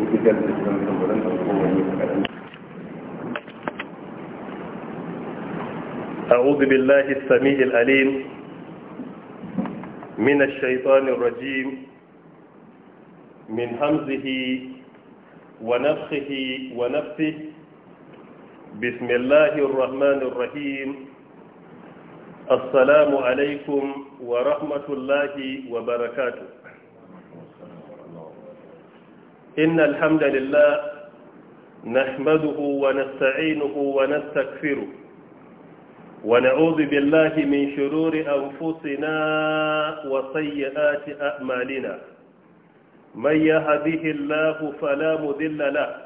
أعوذ بالله السميع الأليم من الشيطان الرجيم من همزه ونفخه ونفثه بسم الله الرحمن الرحيم السلام عليكم ورحمة الله وبركاته إن الحمد لله نحمده ونستعينه ونستكفره ونعوذ بالله من شرور أنفسنا وسيئات أعمالنا من يهده الله فلا مذل له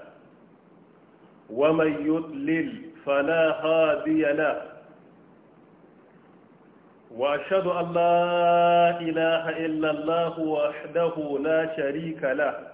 ومن يضلل فلا هادي له وأشهد أن لا إله إلا الله وحده لا شريك له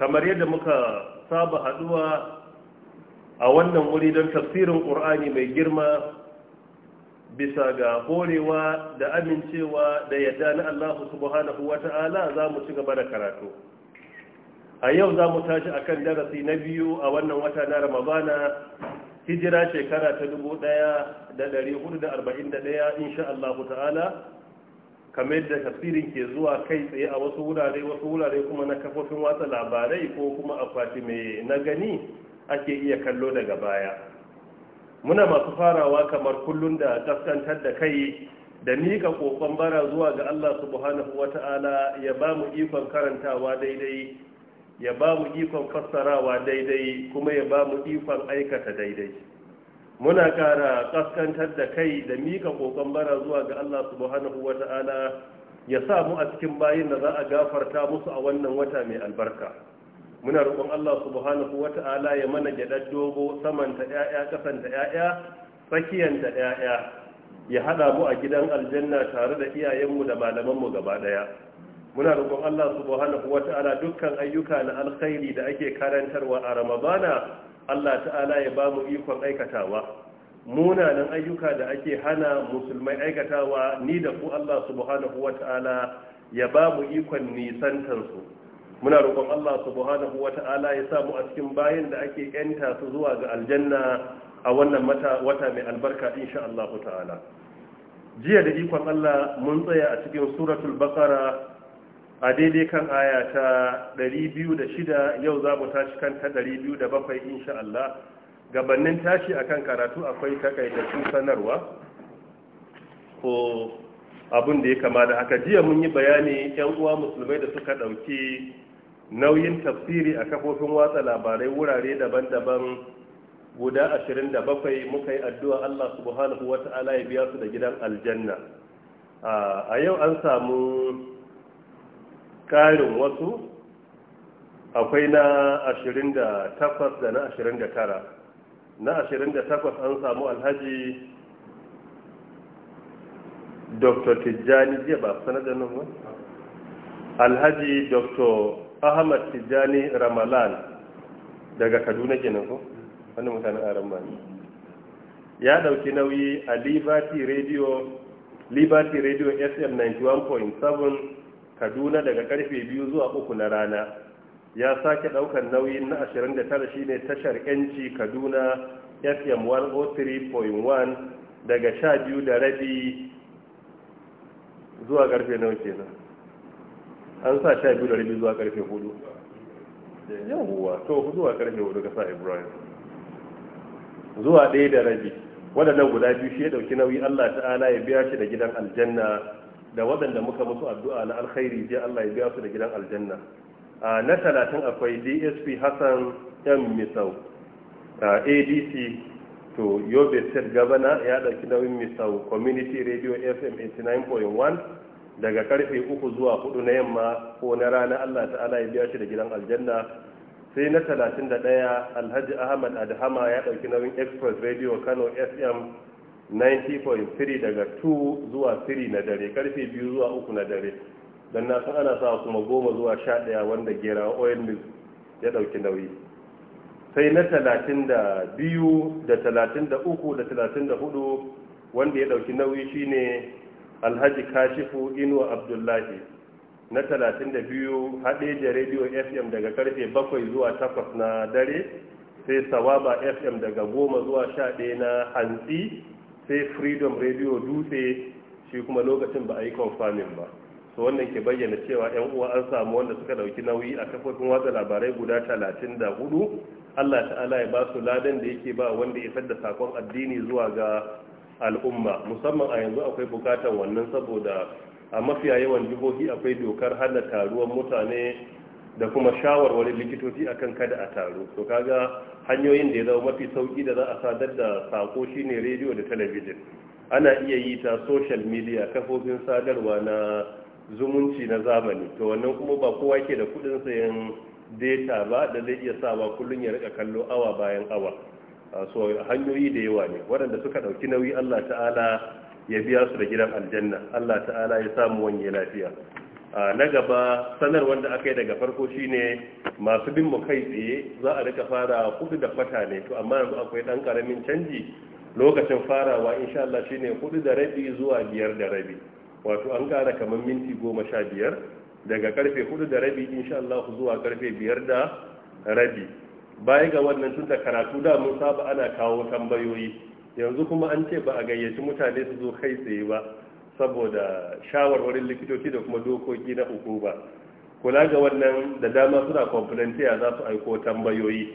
kamar yadda muka saba haduwa a wannan wuri don tafsirin ƙur'ani mai girma bisa ga horewa da amincewa da yadda na Allah subhanahu wa ta'ala za mu ci gaba da karatu a yau za mu tashi a kan darasi na biyu a wannan wata na ramadana hijira shekara ta 1441 insha Allah ta'ala kamar da tafsirin ke zuwa kai tsaye a wasu wurare wasu wurare kuma na kafofin watsa labarai ko kuma akwati mai na gani ake iya kallo daga baya muna masu farawa kamar kullum da kaskantar da kai da miƙa ƙoƙon bara zuwa ga Allah subhanahu wata'ala ya ba mu ikon karantawa daidai ya ba mu ikon fassarawa daidai kuma ya ba mu ikon aikata daidai muna kara kaskantar da kai da mika kokon bara zuwa ga Allah subhanahu ta'ala ya sa mu a cikin bayin da za a gafarta musu a wannan wata mai albarka muna roƙon Allah subhanahu ta'ala ya mana gyaɗar dogo samanta ƴaƴa ƙasanta ƴaƴa tsakiyanta ƴaƴa ya haɗa mu a gidan aljanna tare da iyayenmu da malamanmu gaba ɗaya muna roƙon Allah subhanahu ta'ala dukkan ayyuka na alkhairi da ake karantarwa a Ramadana Allah ta'ala ya ba mu ikon aikatawa munanan ayyuka da ake hana musulmai aikatawa ni da ku Allah subhanahu wata'ala ya ba mu ikon nisantansu muna roƙon Allah subhanahu wata'ala ya sa mu a cikin bayan da ake yanta su zuwa ga aljanna a wannan wata mai albarka insha Allah ta'ala jiya da ikon Allah mun tsaya a cikin suratul baqara a daidai kan aya ta 206 yau za mu tashi kan ta 207 insha Allah gabanin tashi akan karatu akwai takaitaccen sanarwa ko abin da ya kama da haka jiya mun yi bayani yan uwa musulmai da suka dauki nauyin tafsiri a kafofin watsa labarai wurare daban-daban guda 27 muka yi addu'a Allah subhanahu wata'ala ya biya su da gidan aljanna a yau an samu ƙarin wasu akwai na 28 da na 29 na 28 an samu alhaji dr tijjani jiya ba sanadar nan ba alhaji dr ahmad tijjani ramalan daga kaduna kenan ko wani mutanen aran ya dauki nauyi a liberty radio liberty radio sm 91.7 kaduna daga karfe biyu zuwa uku na rana ya sake ɗaukar nauyin na 29 shine tashar yanci kaduna fm 103.1 daga sha biyu da rabi zuwa karfe nawa kenan an sa sha biyu da rabi zuwa karfe hudu yawuwa to zuwa karfe hudu ka sa ibrahim zuwa ɗaya da rabi waɗannan guda biyu shi ya ɗauki nauyi allah ta'ala ya biya shi da gidan aljanna da waɗanda muka musu addu'a na alkhairi je Allah ya biya su da gidan aljanna na talatin akwai dsp hassan M misau adc to yobe state governor ya ɗauki nauyin misau community radio fm 89.1 daga karfe uku zuwa hudu na yamma ko na rana allah ta'ala ya biya shi da gidan aljanna sai na talatin da ɗaya alhaji ahmad adhama ya ɗauki nauyin express radio kano fm 90.3 daga 2 zuwa 3 na dare karfe 2 zuwa 3 na dare don na san ana sa kuma goma zuwa 11 wanda gera oil mill ya dauki nauyi sai na 32 da 33 da 34 wanda ya dauki nauyi shine alhaji kashifu inuwa abdullahi na 32 haɗe da radio fm daga karfe 7 zuwa 8 na dare sai sawaba fm daga 10 zuwa 11 na hantsi sai freedom radio dutse shi kuma lokacin ba a yi confirming ba so wannan ke bayyana cewa yan uwa an samu wanda suka dauki nauyi a kafofin watsa labarai guda 34 Allah ta'ala ya ba su ladan da yake ba wanda ya da sakon addini zuwa ga al'umma musamman a yanzu akwai bukatar wannan saboda a mafiya yawan jihohi akwai dokar hana taruwan mutane da kuma shawarwarin likitoci akan kada a taro to kaga hanyoyin da ya zama mafi sauki da za a sadar da sako shine rediyo da talabijin ana iya yi ta social media kafofin sadarwa na zumunci na zamani to wannan kuma ba kowa ke da kudin sayan data ba da zai iya sawa kullun ya rika kallo awa bayan awa so hanyoyi da yawa ne waɗanda suka ɗauki nauyi Allah ta'ala ya biya su da gidan aljanna Allah ta'ala ya samu wani lafiya na gaba sanar wanda aka yi daga farko shine masu bin mu kai tsaye za a rika fara hudu da fata ne to amma yanzu akwai dan karamin canji lokacin farawa insha Allah shine hudu da rabi zuwa biyar da rabi wato an kara kamar minti goma sha biyar daga karfe hudu da rabi insha Allah zuwa karfe biyar da rabi baya ga wannan tun da karatu da mun saba ana kawo tambayoyi yanzu kuma an ce ba a gayyaci mutane su zo kai tsaye ba saboda shawarwarin likitoci da kuma dokoki na hukuma kula ga wannan da dama suna kwamfulantiyar za su aiko tambayoyi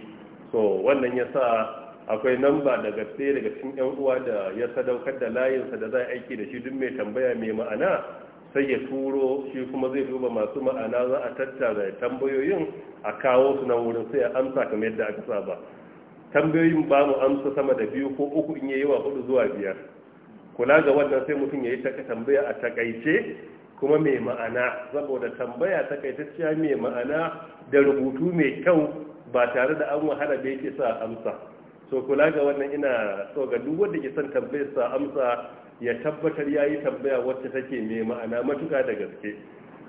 so wannan ya sa akwai namba daga tsaye daga cikin yan uwa da ya sadaukar da layinsa da za a aiki da shi duk mai tambaya mai ma'ana sai ya turo shi kuma zai duba masu ma'ana za a tattara tambayoyin a kawo su na wurin sai a amsa kamar yadda aka saba tambayoyin ba mu amsa sama da biyu ko uku in yi yawa hudu zuwa biyar kula ga wannan sai mutum ya yi tambaya a takaice kuma mai ma'ana saboda tambaya takaitacciya mai ma'ana da rubutu mai kyau ba tare da an wahala da yake sa amsa so kula ga wannan ina so ga duk wanda ke son tambayar sa amsa ya tabbatar yayi tambaya wacce take mai ma'ana matuka da gaske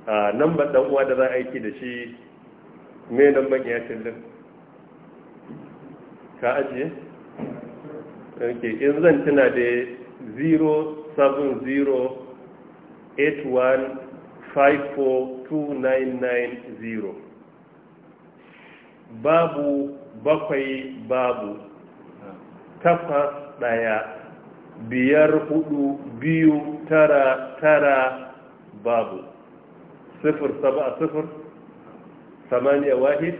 a ba dan uwa da za a aiki da shi me nan lambar ya tillin ka ajiye in zan tuna da 0708154290 babu bakwai babu takwas ɗaya biyar hudu biyu tara tara babu sifir saba sifir samaniya wahid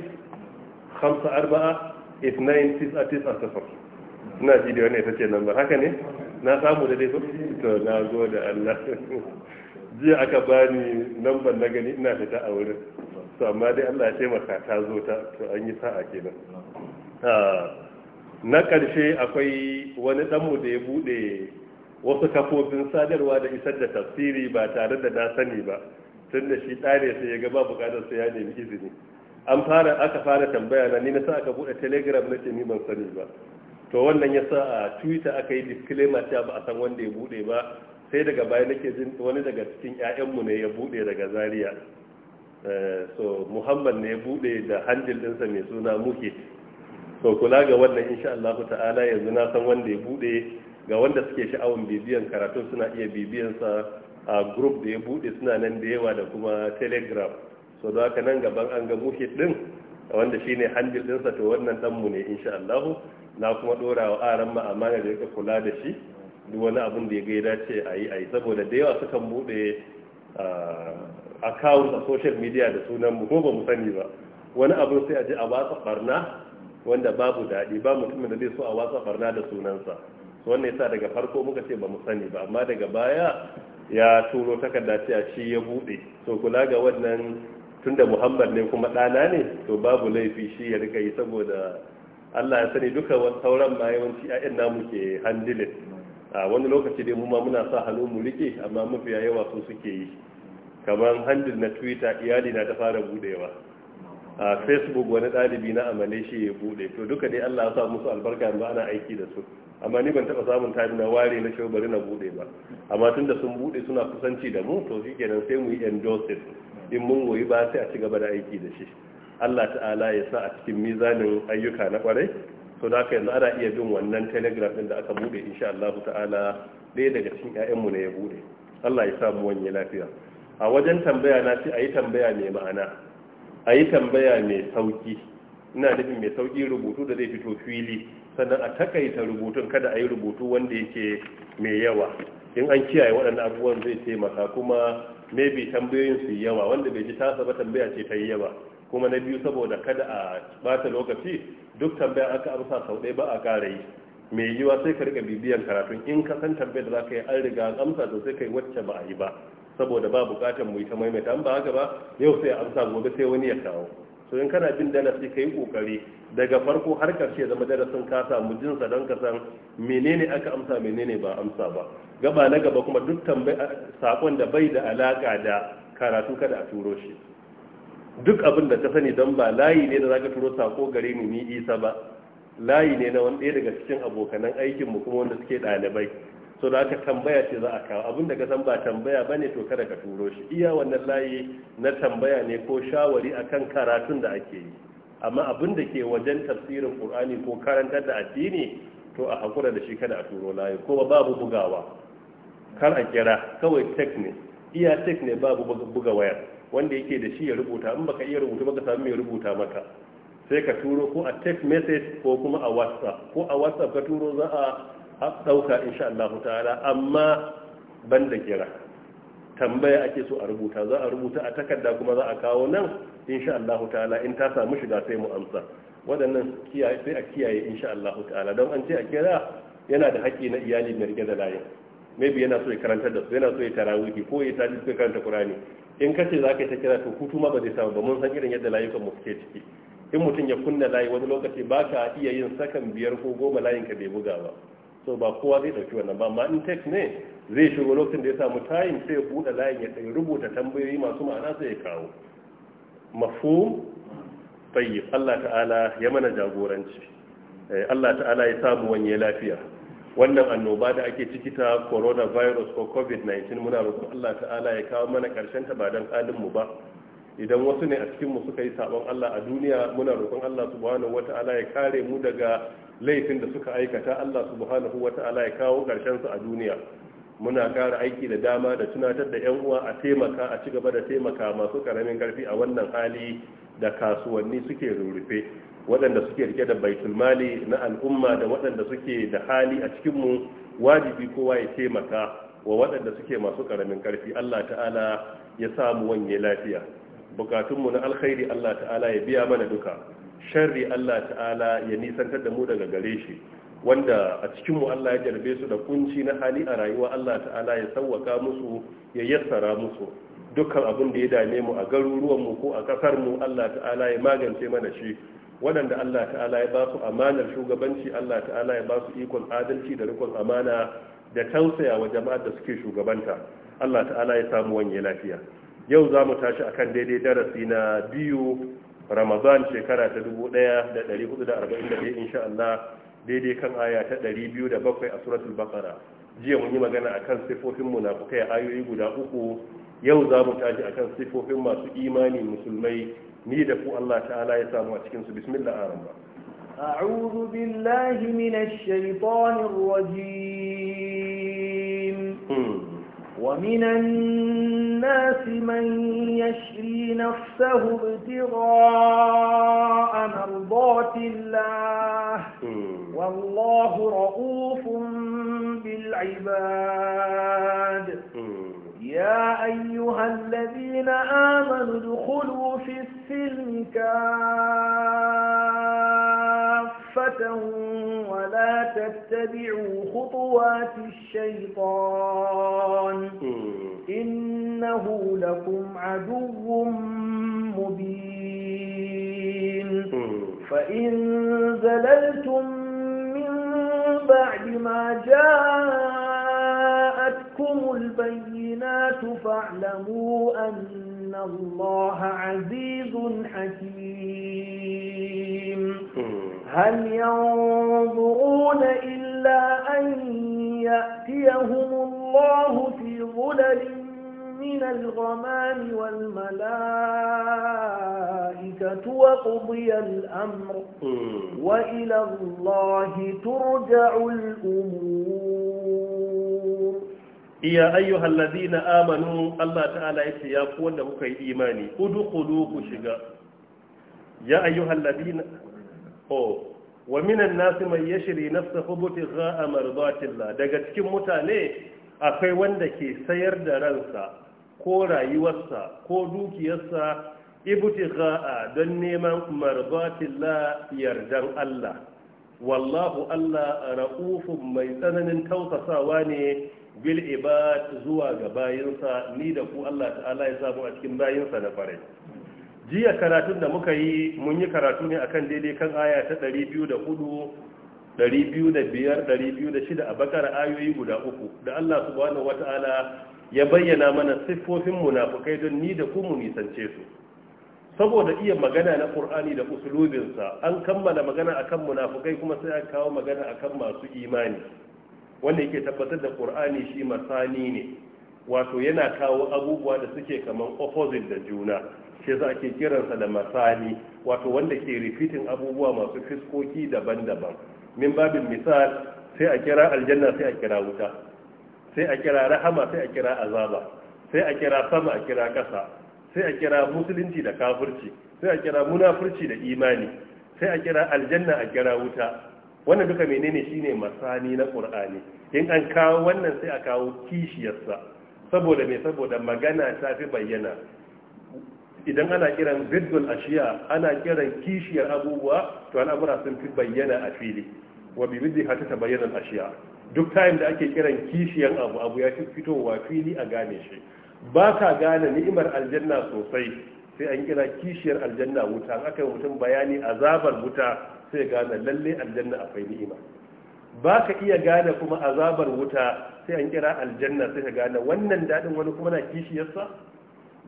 hamsa arba'a 29 tisa sifir suna ji da wani ita ce nan ba haka ne na samu da dai to na zo da Allah jiya aka bani lambar na gani ina fita a wurin to amma dai Allah ya taimaka ta zo ta to an yi sa'a kenan ah, na karshe akwai wani ɗanmu da ya buɗe wasu kafofin sadarwa da isar da tafsiri ba tare da na sani ba tun da shi ɗare sai ya ga ba bukatar sai ya nemi izini an fara aka fara tambaya na ni na sa aka buɗe telegram na ce ni ban sani ba to wannan ya sa a twitter aka yi disclaimer ta ba a san wanda ya bude ba sai daga baya nake jin wani daga cikin 'ya'yanmu ne ya bude daga zaria eh, so muhammad ne ya bude da handil dinsa mai suna muke so kula ga wannan insha Allah ta'ala yanzu na san wanda ya bude ga wanda suke sha'awun bibiyan karatun suna iya bibiyan sa a group da ya bude suna nan da yawa da kuma telegram so da haka nan gaban an ga muke din wanda shine handil dinsa to wannan dan mu ne insha Allah na kuma dora wa aran ma amana da ya kula da shi duk wani abin da ya ga ya dace a yi a yi saboda da yawa sukan bude account a social media da sunan mu ko ba mu sani ba wani abin sai a je a watsa barna wanda babu daɗi ba mutumin da zai so a watsa barna da sunansa so wannan yasa daga farko muka ce ba mu sani ba amma daga baya ya turo takarda ce a shi ya buɗe to kula ga wannan tunda muhammad ne kuma ɗana ne to babu laifi shi ya rika yi saboda Allah ya sani duka sauran ma yawanci ƴaƴan namu ke handilin a wani lokaci dai mu muna sa hannu mu rike amma mafiya yawa su suke yi kamar handil na twitter iyali na ta fara budewa a facebook wani ɗalibi na amale shi ya bude to duka dai Allah ya sa musu albarka amma ana aiki da su amma ni ban taɓa samun tari na ware na shi bari na bude ba amma tun da sun bude suna kusanci da mu to shi kenan sai mu yi endorsing in mun goyi ba sai a ci gaba da aiki da shi Allah ta'ala ya sa a cikin mizanin ayyuka na kwarai so da aka yanzu ana iya bin wannan telegram din da aka bude insha Allah ta'ala ɗaya daga cikin ƴaƴanmu ne ya bude Allah ya sa mu wani lafiya a wajen tambaya na ce ayi tambaya mai ma'ana ayi tambaya mai sauki ina nufin mai sauki rubutu da zai fito fili sannan a takaita rubutun kada ayi rubutu wanda yake mai yawa in an kiyaye waɗannan abubuwan zai taimaka kuma maybe tambayoyin su yawa wanda bai ji tasa ba tambaya ce ta yi yawa kuma na biyu saboda kada a bata lokaci duk tambaya aka amsa sau ɗaya ba a ƙara yi mai yiwa sai ka riga bibiyar karatun in ka san tambayar da za ka yi an riga an amsa to sai ka yi wacce ba a yi ba saboda ba buƙatar mu yi ta maimaita an ba haka ba yau sai amsa gobe sai wani ya kawo to in kana bin darasi ka yi ƙoƙari daga farko har ƙarshe zama darasin ka samu jinsa don ka san menene aka amsa menene ba amsa ba gaba na gaba kuma duk tambayar saƙon da bai da alaƙa da karatu kada a turo shi duk abin da ka sani don ba layi ne da zaka turo sako gare ni ni isa ba layi ne na wani daga cikin abokanan aikin mu kuma wanda suke ɗalibai so da aka tambaya ce za a kawo abin da ka san ba tambaya ba ne to kada ka turo shi iya wannan layi na tambaya ne ko shawari akan karatun da ake yi amma abin da ke wajen tafsirin ƙur'ani ko karantar da addini to a hakura da shi kada a turo layi ko babu bugawa kar a kira kawai tek ne iya tek ne babu buga wayar wanda yake da shi ya rubuta in baka iya rubuta baka samu mai rubuta maka sai ka turo ko a text message ko kuma a whatsapp ko a whatsapp ka turo za a ɗauka insha Allah ta'ala amma ban kira tambaya ake so a rubuta za a rubuta a takarda kuma za a kawo nan insha Allah ta'ala in ta samu shiga sai mu amsa waɗannan kiyaye sai a kiyaye insha Allah ta'ala don an ce a kira yana da haƙƙi na iyali mai rike da layin maybe yana so ya karanta da su yana so ya tarawihi ko ya tafi karanta Qur'ani in kace za ka yi ta kira to hutu ma ba zai samu ba mun san irin yadda layukan mu suke ciki in mutum ya kunna layi wani lokaci ba ka iya yin sakan biyar ko goma layin ka bai buga ba so ba kowa zai dauki wannan ba amma in text ne zai shigo lokacin da ya samu tayin sai ya buɗe layin ya tsaye rubuta tambayoyi masu ma'ana sai ya kawo mafhum tayyib Allah ta'ala ya mana jagoranci eh, Allah ta'ala ya samu wani lafiya wannan annoba da ake ciki ta coronavirus ko covid-19 muna roƙon Allah ta'ala ya kawo mana ƙarshen ta ba dan halin mu ba idan wasu ne a cikin mu suka yi sabon Allah a duniya muna roƙon Allah subhanahu wata'ala ya kare mu daga laifin da suka aikata Allah subhanahu wata'ala ya kawo ƙarshen su a duniya muna ƙara aiki da dama da tunatar da 'yan uwa a taimaka a ci gaba da taimaka masu karamin ƙarfi a wannan hali da kasuwanni suke rurrufe waɗanda suke rike da baitul mali na al'umma da waɗanda suke da hali a cikin mu wajibi kowa ya taimaka wa waɗanda suke masu ƙaramin ƙarfi Allah ta'ala ya samu wanye lafiya bukatunmu na alkhairi Allah ta'ala ya biya mana duka sharri Allah ta'ala ya nisantar da mu daga gare shi wanda a cikinmu Allah ya jarbe su da kunci na hali a rayuwa Allah ta'ala ya sauwaka musu ya yassara musu dukkan abin da ya dame mu a garuruwanmu ko a ƙasarmu Allah ta'ala ya magance mana shi waɗanda Allah ta'ala ya ba su amanar shugabanci Allah ta'ala ya ba su ikon adalci da rikon amana da tausaya wa jama'ar da suke shugabanta Allah ta'ala ya samu wanye lafiya yau za mu tashi akan daidai darasi na biyu ramadan shekara ta 1441 insha Allah daidai kan aya ta 207 a suratul baqara jiya mun yi magana akan sifofin munafikai ayoyi guda uku yau za mu tashi akan sifofin masu imani musulmai ni da ku Allah ta'ala ya samu a cikin su bismillah arama أعوذ بالله من الشيطان الرجيم ومن الناس من يشري نفسه ابتغاء مرضات الله والله رؤوف بالعباد يا أيها الذين آمنوا ادخلوا في السلم كافة ولا تتبعوا خطوات الشيطان إنه لكم عدو مبين فإن زللتم من بعد ما جاء البينات فاعلموا أن الله عزيز حكيم هل ينظرون إلا أن يأتيهم الله في ظلل من الغمام والملائكة وقضي الأمر وإلى الله ترجع الأمور iya ayyuhal ladina amanu Allah ta'ala yace ya ku wanda kuka yi imani udkhulu ku shiga ya ayyuhal ladina oh wa minan nasi man yashri nafsahu butigha mardatillah daga cikin mutane akwai wanda ke sayar da ransa ko rayuwarsa ko dukiyarsa ibtigha don neman mardatillah yardan Allah wallahu Allah ra'ufun mai tsananin tausasawa ne bil ibad zuwa ga bayinsa ni da ku Allah ta'ala ya samu a cikin bayinsa na farai jiya karatun da muka yi mun yi karatu ne akan daidai kan aya ta 204 205 206 a bakara ayoyi guda uku da Allah subhanahu wata'ala ya bayyana mana siffofin munafukai don ni da ku mu nisance su saboda iya magana na Qur'ani da usulubinsa an kammala magana akan munafukai kuma sai an kawo magana akan masu imani wanda yake tabbatar da qur'ani shi masani ne wato yana kawo abubuwa da suke kaman opposite da juna shi za ake kiransa da masani wato wanda ke rifitin abubuwa masu fiskoki daban-daban min babin misal sai a kira aljanna sai a kira wuta sai a kira rahama sai a kira azaba sai a kira sama a kira ƙasa sai a kira musulunci da kafirci sai a kira munafurci da imani sai a kira aljanna a kira wuta wannan duka menene shine masani na qur'ani in an kawo wannan sai a kawo kishiyarsa saboda me saboda magana ta fi bayyana idan ana kiran biddul ashiya ana kiran kishiyar abubuwa to al'amura sun fi bayyana a fili wa bi biddi hatta tabayyana ashiya duk time da ake kiran kishiyar abu abu ya fi fitowa fili a gane shi ba ka gane ni'imar aljanna sosai sai an kira kishiyar aljanna wuta aka yi mutum bayani azabar wuta sai gane lalle aljanna akwai ni'ima ba ka iya gane kuma azabar wuta sai an kira aljanna sai ka gane wannan daɗin wani kuma na kishiyarsa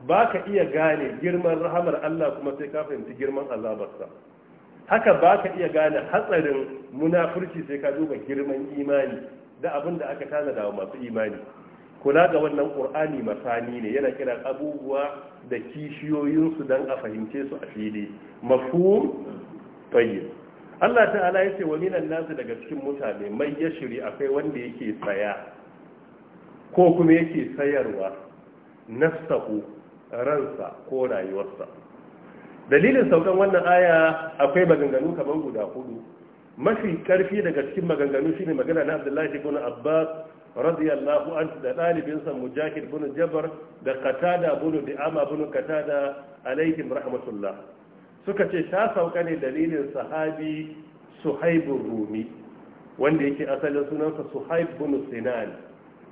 ba ka iya gane girman rahamar Allah kuma sai ka fahimci girman azabarsa haka ba ka iya gane hatsarin munafurci sai ka duba girman imani da abin da aka tanada wa masu imani kula ga wannan qur'ani masani ne yana kira abubuwa da kishiyoyinsu don a fahimce su a fili mafhum tayyib Allah ta'ala ya ce wa minan nasu daga cikin mutane mai ya shiri akwai wanda yake saya ko kuma yake sayarwa nasahu ransa ko rayuwarsa dalilin saukan wannan aya akwai maganganu kamar guda hudu mafi karfi daga cikin maganganu shine magana na Abdullahi ibn Abbas radiyallahu anhu da ɗalibinsa Mujahid ibn Jabr da Qatada ibn Di'ama ibn Qatada alaihim rahmatullah suka ce ta sauka ne dalilin sahabi suhaibun rumi wanda yake asalin sunansa suhaib sinan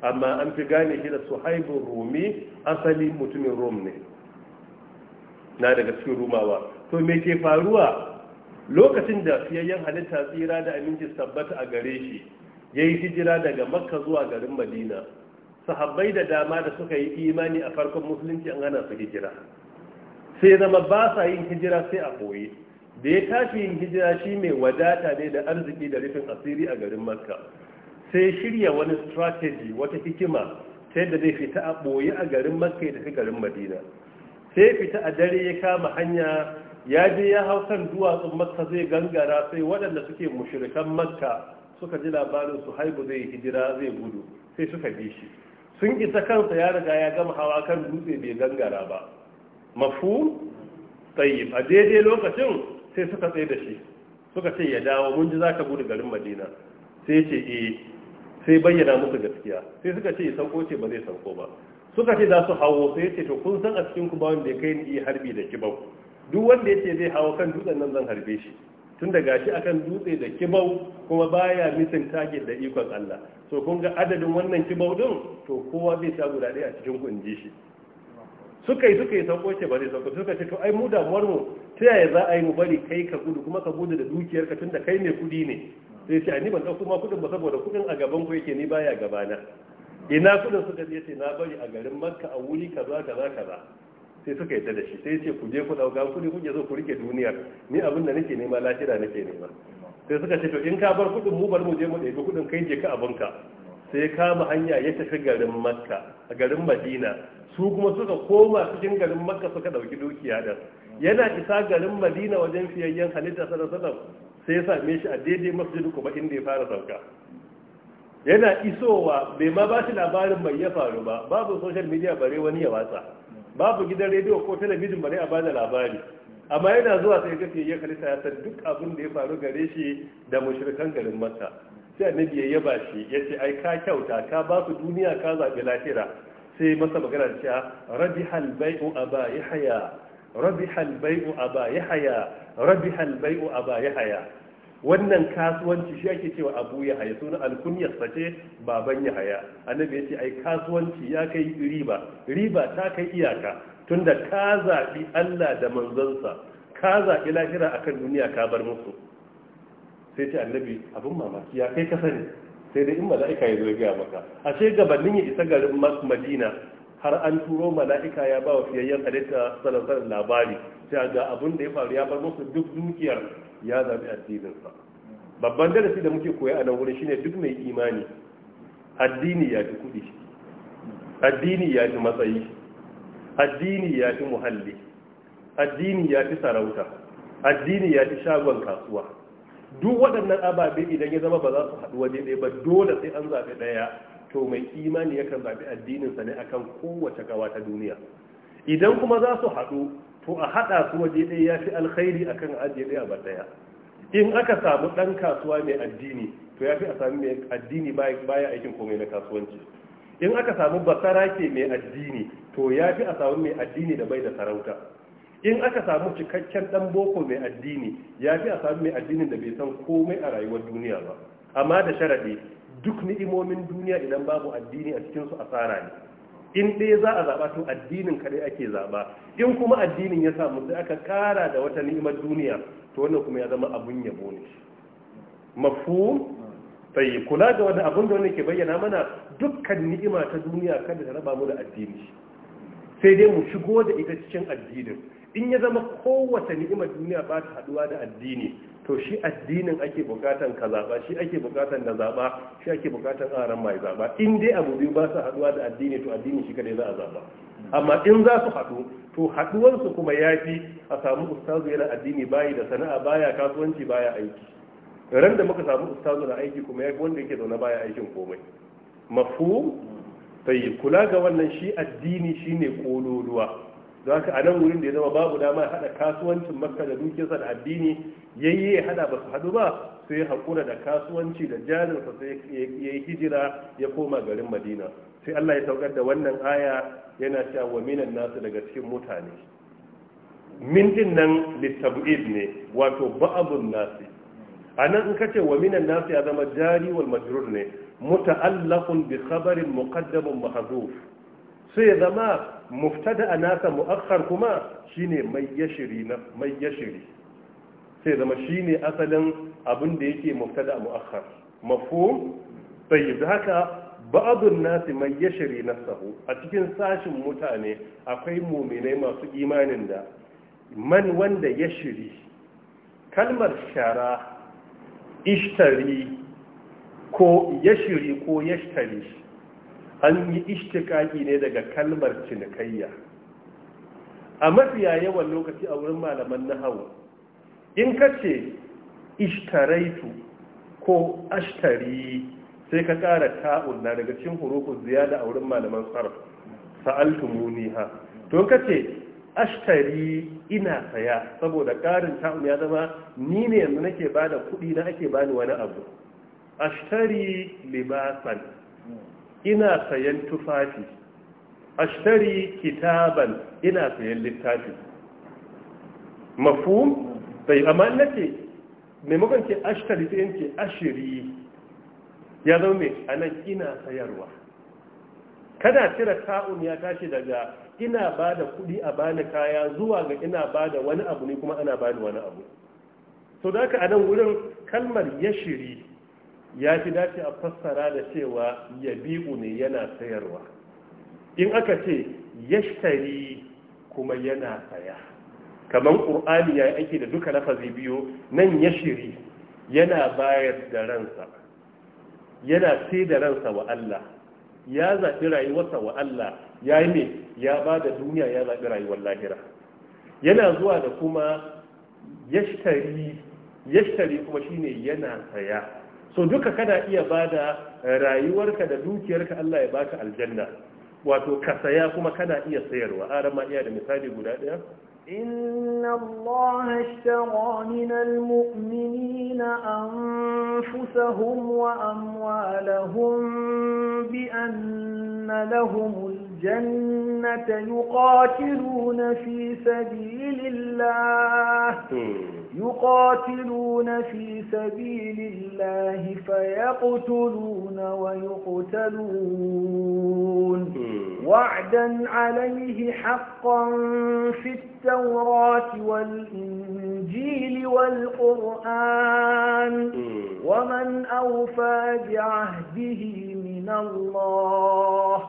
amma an fi gane shi da suhaibun rumi asali mutumin rom ne na daga cikin rumawa to me ke faruwa lokacin da fiyayyen halitta tsira da aminci sabbata a gare shi ya yi hijira daga makka zuwa garin madina sahabbai da dama da suka yi imani a farkon musulunci an hana su hijira sai zama ba sa yin hijira sai a koyi da ya tafi yin hijira shi mai wadata ne da arziki da rufin asiri a garin makka sai shirya wani strategy wata hikima ta yadda zai fita a ɓoye a garin makka ya tafi garin madina sai fita a dare ya kama hanya ya je ya hau kan duwatsun makka zai gangara sai waɗanda suke mushirikan makka suka ji labarin su haibu zai hijira zai gudu sai suka bi shi sun isa kansa ya riga ya gama hawa kan dutse bai gangara ba mafu tsayi a daidai lokacin sai suka tsaye da shi suka ce ya dawo mun ji za ka gudu garin madina sai ce e sai bayyana musu gaskiya sai suka ce sauko ce ba zai sauko ba suka ce za su hawo sai ce to kun san a cikin ku ba wanda ya kai ni harbi da kibau duk wanda yake zai hawo kan dutsen nan zan harbe shi tun da gashi akan dutse da kibau kuma baya misin tagin da ikon Allah so kun ga adadin wannan kibau din to kowa zai sha guda ɗaya a cikin ku in ji shi suka yi suka yi sauko ce ba zai sauko suka ce to ai mu damuwar mu ta yaya za a yi mu bari kai ka gudu kuma ka gudu da dukiyar ka da kai ne kudi ne sai ce ni ban dauko ma kudin ba saboda kudin a gaban ku yake ni baya gabana ina kudin suka je ce na bari a garin makka a wuri kaza kaza kaza sai suka yi da shi sai ce ku je ku dauka kudi kuke zo ku rike duniyar ni abin da nake nema lafiya nake nema sai suka ce to in ka bar kudin mu bar mu je mu ɗebi kudin kai je ka abinka sai kama hanya ya tafi garin makka a garin madina su kuma suka koma cikin garin makka suka dauki dukiya da yana isa garin madina wajen fiyayyen halitta sallallahu sai ya same shi a daidai masjid kuma inda ya fara sauka yana isowa bai ma ba shi labarin mai ya faru ba babu social media bare wani ya watsa babu gidan rediyo ko talabijin bare a bada labari amma yana zuwa sai ga fiyayyen halitta ya san duk abin da ya faru gare shi da mushrikan garin makka sai annabi ya yaba shi ya ce ai ka kyauta ka ba su duniya ka zaɓi lafira sai masa magana da cewa rabihal aba yahya rabihal bai'u aba yahya rabihal bai'u aba haya wannan kasuwanci shi ake cewa abu ya haya suna alkunyar sace baban ya haya annabi ya ce ai kasuwanci ya kai riba riba ta kai iyaka tunda ka zaɓi Allah da manzonsa ka zaɓi lafira akan duniya ka bar musu sai ce annabi abin mamaki ya kai kasa ne sai dai in mala'ika ya zo gaya maka ashe gabanin ya isa garin madina har an turo mala'ika ya ba wa fiyayyen halitta salasar labari sai ga abin da ya faru ya bar musu duk dukiyar ya zaɓi addininsa babban darasi da muke koya a nan wurin shine duk mai imani addini ya fi kuɗi addini ya fi matsayi addini ya fi muhalli addini ya fi sarauta addini ya fi shagon kasuwa duk waɗannan ababe idan ya zama ba za su haɗu waje ɗaya ba dole sai an zaɓi ɗaya to mai imani yakan zaɓi addininsa ne akan kowace gawa ta duniya idan kuma za su haɗu to a haɗa su waje ɗaya ya fi alkhairi akan ajiye ɗaya ba ɗaya in aka samu ɗan kasuwa mai addini to ya fi a sami mai addini baya aikin komai na kasuwanci in aka samu basarake mai addini to ya fi a samu mai addini da bai da sarauta in aka samu cikakken dan boko mai addini ya fi a samu mai addinin da bai san komai a rayuwar duniya ba amma da sharaɗi duk ni'imomin duniya idan babu addini a cikinsu asara ne in ɗaya za a zaɓa to addinin kaɗai ake zaɓa in kuma addinin ya samu sai aka ƙara da wata ni'imar duniya to wannan kuma ya zama abun yabo ne mafu sai kula da wani abun da wani ke bayyana mana dukkan ni'ima ta duniya kada ta raba mu da addini sai dai mu shigo da ita cikin addinin in ya zama kowace ni'imar duniya ba ta haduwa da addini to shi addinin ake bukatan ka zaba shi ake bukatan da zaba shi ake bukatan aran mai zaba in dai abu biyu ba su haduwa da addini to addini shi kadai za a zaba amma in za su haɗu to haɗuwarsu kuma ya fi a samu ustazu yana addini bayi da sana'a baya kasuwanci baya aiki ran da muka samu ustazu na aiki kuma ya fi wanda yake zaune baya aikin komai mafu tayi kula ga wannan shi addini shine kololuwa don haka a nan wurin da ya zama babu dama ya haɗa kasuwancin makka da dukiyarsa da addini yayye ya haɗa ba su haɗu ba sai ya haƙura da kasuwanci da jarinsa sai ya yi hijira ya koma garin madina sai allah ya saukar da wannan aya yana cewa wa minan nasu daga cikin mutane min din nan litab'id ne wato ba'abun nasu. a nan in kace wa minan nasu ya zama jari wal majrur ne muta'allaqun bi khabarin muqaddamun mahdhuf sai zama muftada a nasa mu'akhar kuma shine mai yashiri na mai yashiri sai zama shine asalin abin da yake muftada a mu'akhar mafhum tayyib haka ba'adun nasi mai yashiri nasahu a cikin sashin mutane akwai muminai masu imanin da man wanda yashiri kalmar shara ishtari ko yashiri ko yashtari an yi ishtiƙaƙi ne daga kalmar cinikayya a mafiya yawan lokaci a wurin malaman na hawa in ka ce ishtaraitu ko ashtari sai ka ƙara ta'un na daga cikin hurufun ziyada a wurin malaman sarf sa'altu ha, to ka ce ashtari ina saya saboda ƙarin ta'un ya zama ni ne yanzu nake bada kuɗi na ake bani wani abu ashtari libasan ina sayan tufafi ashtari kitaban ina sayan littafi mafhum sai amma nake maimakon ce ashtari sai yanke ashiri ya zama mai anan ina sayarwa kada cire ta'un ya tashi daga ina ba da kuɗi a bani kaya zuwa ga ina ba da wani abu ne kuma ana bani wani abu so da haka anan nan wurin kalmar yashiri ya fi dace a fassara da cewa ya bi'u ne yana sayarwa in aka ce shari kuma yana saya kamar ƙur'ani ya yi aiki da duka lafazi biyu nan ya shiri yana bayar da ransa yana sai da ransa wa Allah ya zaɓi rayuwarsa wa Allah ya yi ne ya ba da duniya ya zaɓi rayuwar lahira yana zuwa da kuma ya shari kuma shine yana saya so duka kana iya bada rayuwarka da dukiyarka Allah ya baka aljanna wato ka saya kuma kana iya sayarwa aran ma iya da misali guda daya inna إن الله اشترى من المؤمنين أنفسهم وأموالهم بأن لهم الجنة يقاتلون في سبيل الله يقاتلون في سبيل الله فيقتلون ويقتلون وعدا عليه حقا في التقوى التوراة والإنجيل والقرآن ومن أوفى بعهده من الله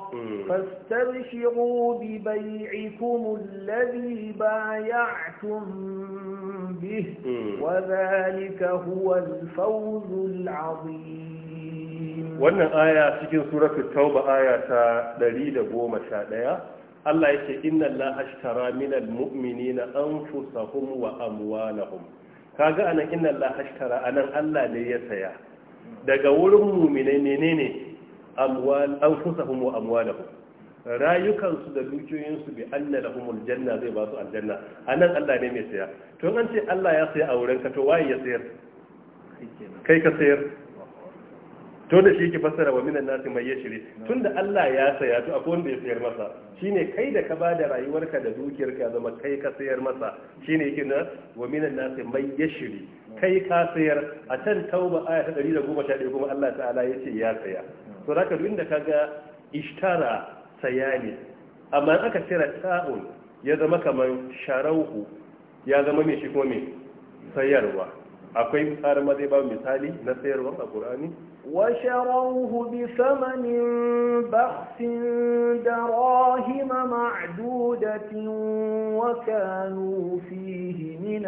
فاستبشروا ببيعكم الذي بايعتم به وذلك هو الفوز العظيم wannan aya cikin suratul tauba aya ta 111 Allah yake inna Allah ashtara minal mu'minina anfusahum wa amwalahum kaga anan inna Allah ashtara anan Allah ne ya saya daga wurin mu'minai menene amwal anfusahum wa amwalahum rayukan su da dukiyoyin su bi anna janna zai ba su aljanna anan Allah ne mai saya to an ce Allah ya saya a wurin ka to waye ya sayar kai ka sayar to da shi ke fassara wa minan nasi mai yashiri tunda Allah ya saya to akwai wanda ya sayar masa shine kai da ka bada rayuwarka da dukiyarka zama kai ka sayar masa shine yake na wa minan nasi mai yashiri kai ka sayar a can tauba aya ta 111 kuma Allah ta'ala ya ce ya saya to zaka duk inda kaga ishtara saya ne amma aka cire ta'un ya zama kamar sharauhu ya zama mai shi kuma mai sayarwa akwai tsarin ma ba misali na sayarwa a ƙur'ani washarauhu bi samanin baksin da rahima ma'adudatin wa kanu fihi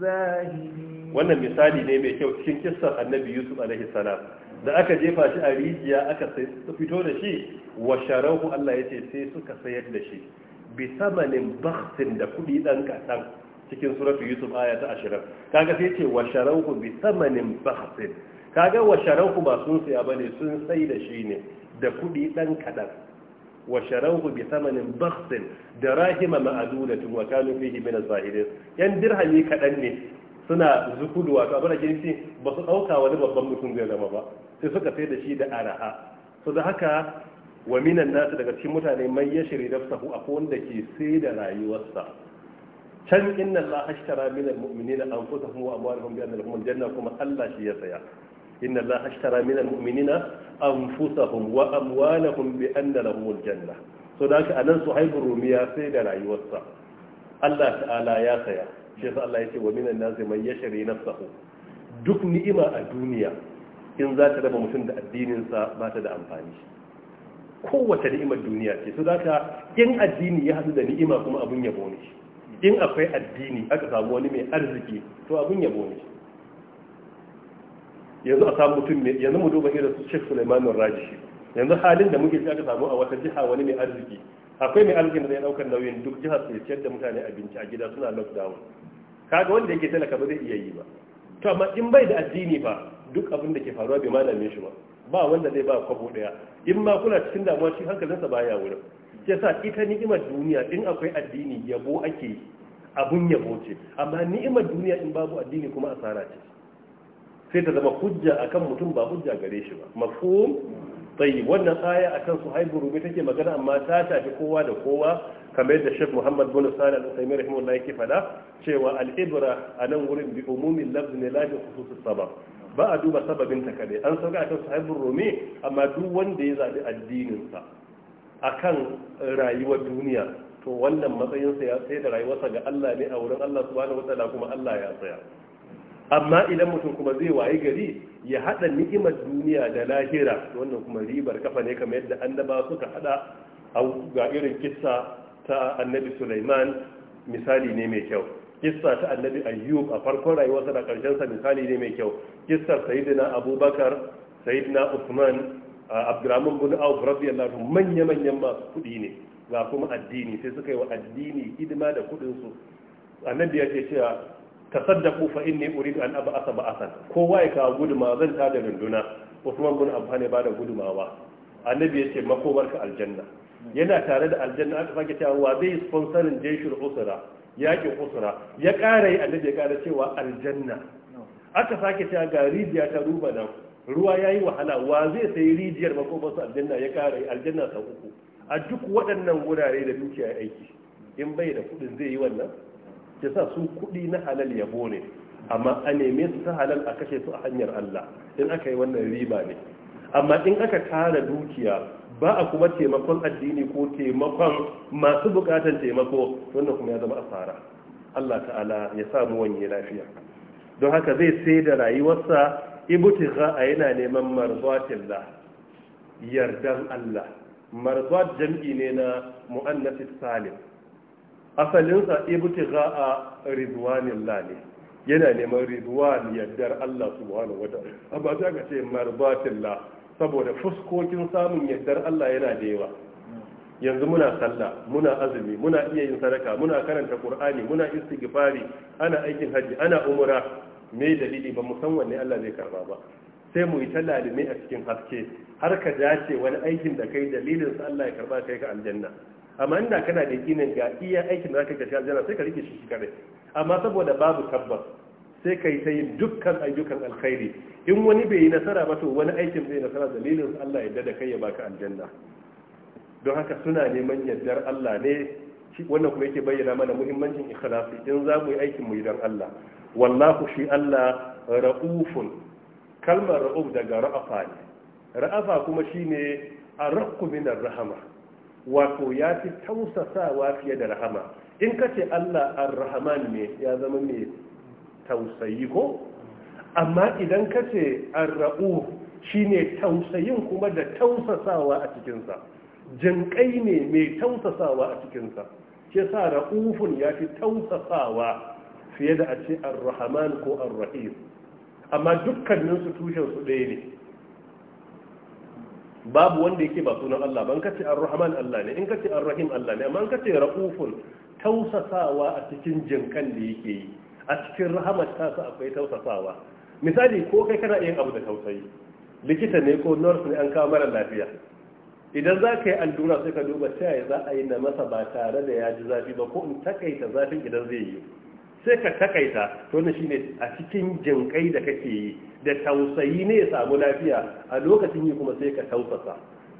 zahiri wannan misali ne mai kyau cikin kissar annabi yusuf alaihi salam da aka jefa shi a rijiya aka fito da shi washarauhu allah ya ce sai suka sayar da shi bi samanin baksin da kuɗi ɗan kaɗan cikin suratu yusuf aya ta 20 kaga sai ce wa sharawhu bi thamanin bakhsin kaga wa sharawhu ba sun ba bane sun sai da shi ne da kudi dan kadan wa sharawhu bi thamanin bakhsin darahima ma'dudatun wa kanu fihi min az-zahirin yan dirhami kadan ne suna zukuduwa wato abin da girki ba su dauka wani babban mutum zai zama ba sai suka sai da shi da araha so da haka wa minan nasu daga cikin mutane mai ya shiri nafsahu akwai wanda ke sai da rayuwarsa can inna Allah ashtara min al-mu'minina anfusahum wa amwalahum bi anna lahum al-janna kuma Allah shi ya saya inna Allah ashtara min al-mu'minina anfusahum wa amwalahum bi anna lahum al-janna so da haka anan suhaibu rumiya sai da rayuwarsa Allah ta'ala ya saya shi yasa Allah yake wa minan nasi man yashri nafsahu duk ni'ima a duniya in za ta raba mutum da addininsa ba ta da amfani kowace ni'imar duniya ce da ka in addini ya hadu da ni'ima kuma abun yabo ne in akwai addini aka samu wani mai arziki to abin yabo ne yanzu a samu mutum mai yanzu mu duba irin su Sheikh Sulaiman Rajishi yanzu halin da muke aka samu a wata jiha wani mai arziki akwai mai arziki da zai daukar nauyin duk jihar su ciyar da mutane abinci a gida suna lockdown kaga wanda yake talaka ba zai iya yi ba to amma in bai da addini ba duk abin da ke faruwa bai malamin shi ba ba wanda zai ba kwabo daya in ma kuna cikin damuwa shi hankalinsa baya wurin yasa ita ni'imar duniya din akwai addini yabo ake abun yabo ce amma ni'imar duniya in babu addini kuma asara ce sai ta zama hujja akan mutum ba hujja gare shi ba mafhum tsayi wannan aya akan kan su haibu rumi take magana amma ta shafi kowa da kowa kamar yadda shek muhammad bin salih al sami na yake fada cewa al a nan wurin bi umumin lafzin ne lafi khususus sabab ba a duba sababin ta kadai an sauka akan su haibu rumi amma duk wanda ya zaɓi addinin sa akan rayuwar duniya to wannan matsayinsa ya tsaye da rayuwarsa ga Allah ne a wurin Allah subhanahu wataala kuma Allah ya tsaya amma idan mutum kuma zai wayi gari ya hada ni'imar duniya da lahira wannan kuma ribar kafa ne kamar yadda annaba suka hada ga irin kissa ta annabi Sulaiman misali ne mai kyau kissa ta annabi ayyub a farkon rayuwarsa da karshen sa misali ne mai kyau kissar sayyidina abubakar sayyidina usman abdulrahman bin auf radiyallahu manya manyan masu kudi ne ga kuma addini sai suka yi wa addini hidima da kudin su annabi ya ce cewa tasaddaqu fa inni uridu an asaba asan kowa ya kawo guduma zan ta da runduna usman bin affan ya bada gudumawa annabi ya ce ka aljanna yana tare da aljanna aka sake cewa wa zai sponsorin jeshul usra yaki usra ya karai annabi ya kare cewa aljanna aka sake cewa ga rijiya ta ruba nan ruwa ya yi wahala wa zai sai rijiyar makomarsu aljanna ya kare aljanna sau uku a duk waɗannan wurare da dukiya aiki in bai da kuɗin zai yi wannan ya sa su kuɗi na halal ya ne amma a neme su ta halal a kashe su a hanyar Allah in aka yi wannan riba ne amma in aka tara dukiya ba a kuma taimakon addini ko taimakon masu bukatar taimako wannan kuma ya zama asara Allah ta'ala ya samu wani lafiya don haka zai sai da rayuwarsa ibtiqa a yana neman La, yardan Allah marzat jam'i ne na muannas salim Asalinsa sa ibtiqa a ridwanillah ne yana neman ridwan yardar Allah subhanahu wa ta'ala amma za ka ce La saboda fuskokin samun yardar Allah yana da yawa yanzu muna sallah muna azumi muna iya yin sadaka muna karanta qur'ani muna istighfari ana aikin haji ana umra me dalili ba musamman ne Allah zai karba ba sai mu yi ta talalime a cikin haske har ka dace wani aikin da kai dalilin sa Allah ya karba kai ka aljanna amma inda kana da kinin ga iya aikin da zaka ga aljanna sai ka rike shi kare amma saboda babu tabbas sai kai ta yin dukkan ayyukan alkhairi in wani bai yi nasara ba to wani aikin zai nasara dalilin sa Allah ya da kai ya baka aljanna don haka suna neman yardar Allah ne wannan kuma yake bayyana mana muhimmancin ikhlasi in za mu yi aikin mu don Allah wallahu shi Allah ra'ufun kalmar ra'uf daga ra'afa ne ra'afa kuma shi shine arqu minar rahama wato ya fi tausasawa fiye da rahama in ka ce Allah ar ne ya zama mai tausayi ko amma idan ka ce ar-ra'uf ne tausayin kuma da tausasawa a cikinsa jinƙai ne mai tausasawa a cikinsa ke sa ra'ufun ya fi tausasawa fiye da a ce ar-rahman ko ar-rahim amma dukkanin su tushen su ɗaya ne babu wanda yake ba sunan Allah ban kace ar-rahman Allah ne in kace ar-rahim Allah ne amma in kace raufun tausasawa a cikin jinkan da yake yi a cikin rahamar ta su akwai tausasawa misali ko kai kana yin abu da tausayi likita ne ko nurse ne an kawo mara lafiya idan za ka yi allura sai ka duba ta yaya za a yi na masa ba tare da ya ji zafi ba ko in takaita zafin idan zai yi sai ka takaita to na shine a cikin jinkai da kake yi da tausayi ne ya samu lafiya a lokacin yi kuma sai ka tausasa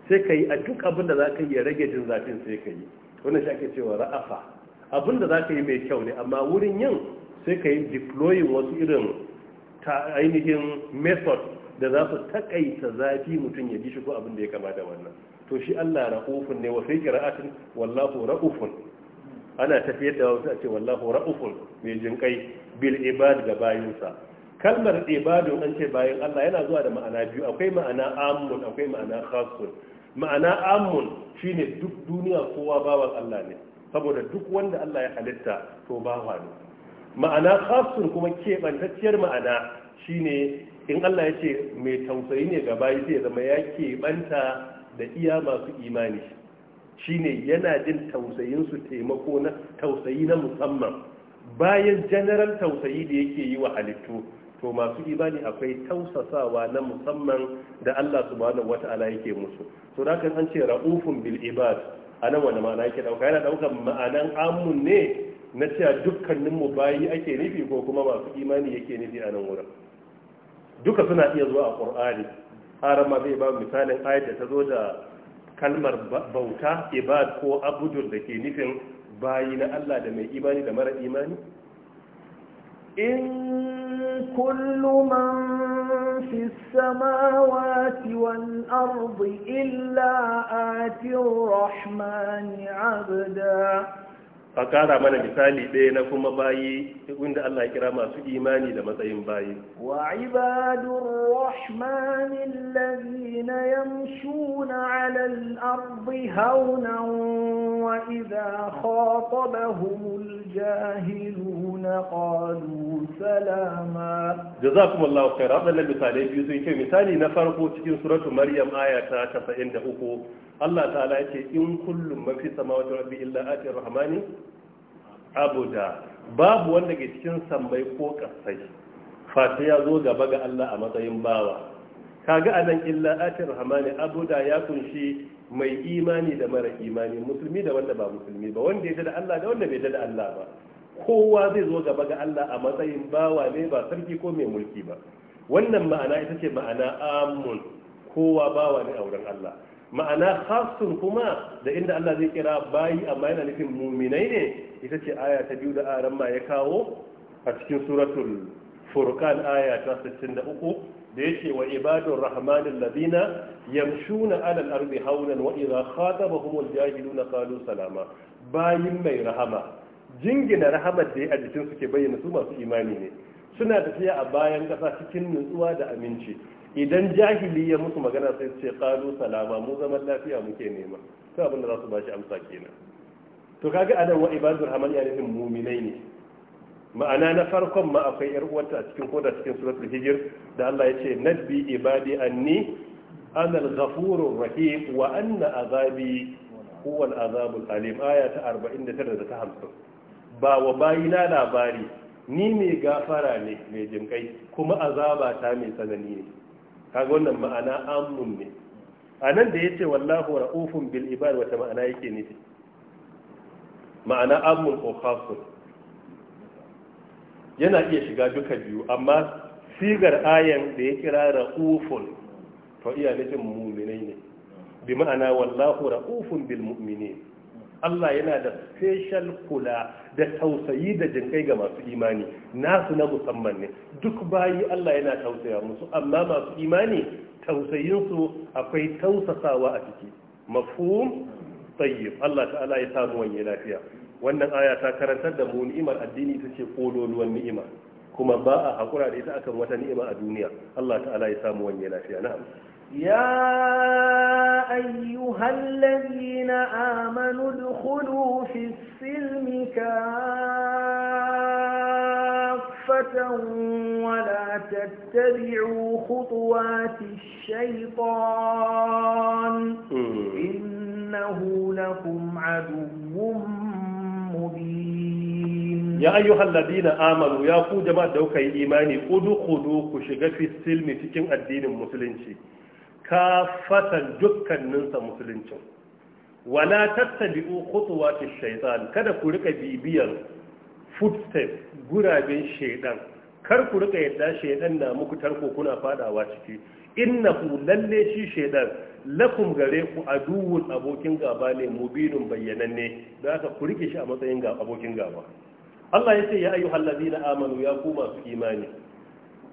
sai ka yi a duk abinda da za ka yi ya rage jin zafin sai ka yi wannan shi ake cewa ra'afa abin da za ka yi mai kyau ne amma wurin yin sai ka yi deploying wasu irin ta ainihin method da za su takaita zafi mutum ya ji shi ko abin da ya kama da wannan to shi Allah ra'ufun ne wa sai qira'atin wallahu ra'ufun ana tafiyar da wasu a ce wallahu ra'ufun mai jinkai bil ibad ga bayinsa kalmar ibadun an ce bayan Allah yana zuwa da ma'ana biyu akwai ma'ana amun akwai ma'ana khasun ma'ana amun shine duk duniya kowa bawan Allah ne saboda duk wanda Allah ya halitta to bawa ne ma'ana khasun kuma keɓantacciyar ma'ana shine in Allah ya ce mai tausayi ne ga bayi zai zama ya keɓanta da iya masu imani shine yana jin tausayin su taimako na tausayi na musamman bayan general tausayi da yake yi wa halittu to masu imani akwai tausasawa na musamman da Allah subhanahu wata'ala yake musu to kan an ce ra'ufun bil ibad anan wani ma'ana yake dauka yana daukan ma'anan amun ne na cewa dukkanin mu bayi ake nufi ko kuma masu imani yake nufi a nan wurin duka suna iya zuwa a qur'ani har ma zai ba misalin ayat da ta zo da kalmar bauta ibad ko abudur da ke nufin bayi na Allah da mai imani da mara imani in kullu man fi samawati wal ardi illa atir rahmani abda a kara mana misali ɗaya na kuma bayi inda Allah ya kira masu imani da matsayin bayi. Wa ibadun rahmanin lalina ya mshuna alal arzi haunan wa iza khatabahumul jahiluna qalu salama. Jazakumullahu khair. Waɗannan misalai biyu sun ce misali na farko cikin suratu Maryam aya ta 93 Allah ta'ala yace in kullum mafi samawati rabbi illa atir rahmani abuda babu wanda ke cikin sammai ko kasai fata ya zo gaba ga Allah a matsayin bawa kaga anan illa atir rahmani abuda ya kunshi mai imani da mara imani musulmi da wanda ba musulmi ba wanda ya da Allah da wanda bai da Allah ba kowa zai zo gaba ga Allah a matsayin bawa ne ba sarki ko mai mulki ba wannan ma'ana ita ce ma'ana amun kowa bawa ne a wurin Allah ma'ana khasun kuma da inda Allah zai kira bayi amma yana nufin muminai ne ita ce aya ta biyu da aran ma ya kawo a cikin suratul furqan aya ta 63 da yake wa ibadur rahmanil ladina yamshuna alal ardi haunan wa idha khatabahumul jahiluna qalu salama bayin mai rahama jingina rahamar da ya a jikin suke bayyana su masu imani ne suna tafiya a bayan ƙasa cikin nutsuwa da aminci idan jahili ya musu magana sai ce qalu salama mu zaman lafiya muke nema to abin da za su bashi amsa kenan to kaga adan wa ibadur rahman ya nufin mu'minai ne ma'ana na farkon ma akwai yar uwarta a cikin koda cikin suratul hijr da Allah ya ce nabbi ibadi anni ana al-ghafurur rahim wa anna azabi huwa al-azabul alim ayata ta 49 da ta 50 ba wa bayina labari ni mai gafara ne mai jimkai kuma azaba ta mai tsanani ne kaga wannan ma'ana amun ne a nan da ya ce wallahu ra'ufun bil ibad wata ma'ana yake nufi ma'ana amun ko khafun yana iya shiga duka biyu amma sigar ayan da ya kira ra'ufun to iya nufin mu'minai ne bi ma'ana wallahu ra'ufun bil mu'minin Allah yana da special kula da tausayi da jinkai ga masu imani nasu na musamman ne duk bayi Allah yana tausaya musu amma masu imani tausayinsu akwai tausasawa a ciki mafhum tayyib Allah ta'ala ya samu wani lafiya wannan aya ta karantar da mu ni'imar addini ta ce kololuwan ni'ima kuma ba a hakura da ita akan wata ni'ima a duniya Allah ta'ala ya samu wani lafiya na'am يا أيها الذين آمنوا ادخلوا في السلم كافة ولا تتبعوا خطوات الشيطان إنه لكم عدو مبين يا أيها الذين آمنوا يا قو جماعة دوكا إيماني ادخلوا كشغة في السلم تكين الدين المسلمين kafatan dukkaninsa musuluncin wala tattabi'u khutuwatish shaitan kada ku rika bibiyan footstep guraben shaydan kar ku rika yadda shaydan na muku tarko kuna fadawa ciki innahu lalle shi shaydan lakum gare ku aduwwun abokin gaba ne mubinun bayyananne da aka ku rike shi a matsayin ga abokin gaba Allah ya ce ya ayyuhal ladina amanu ya ku masu imani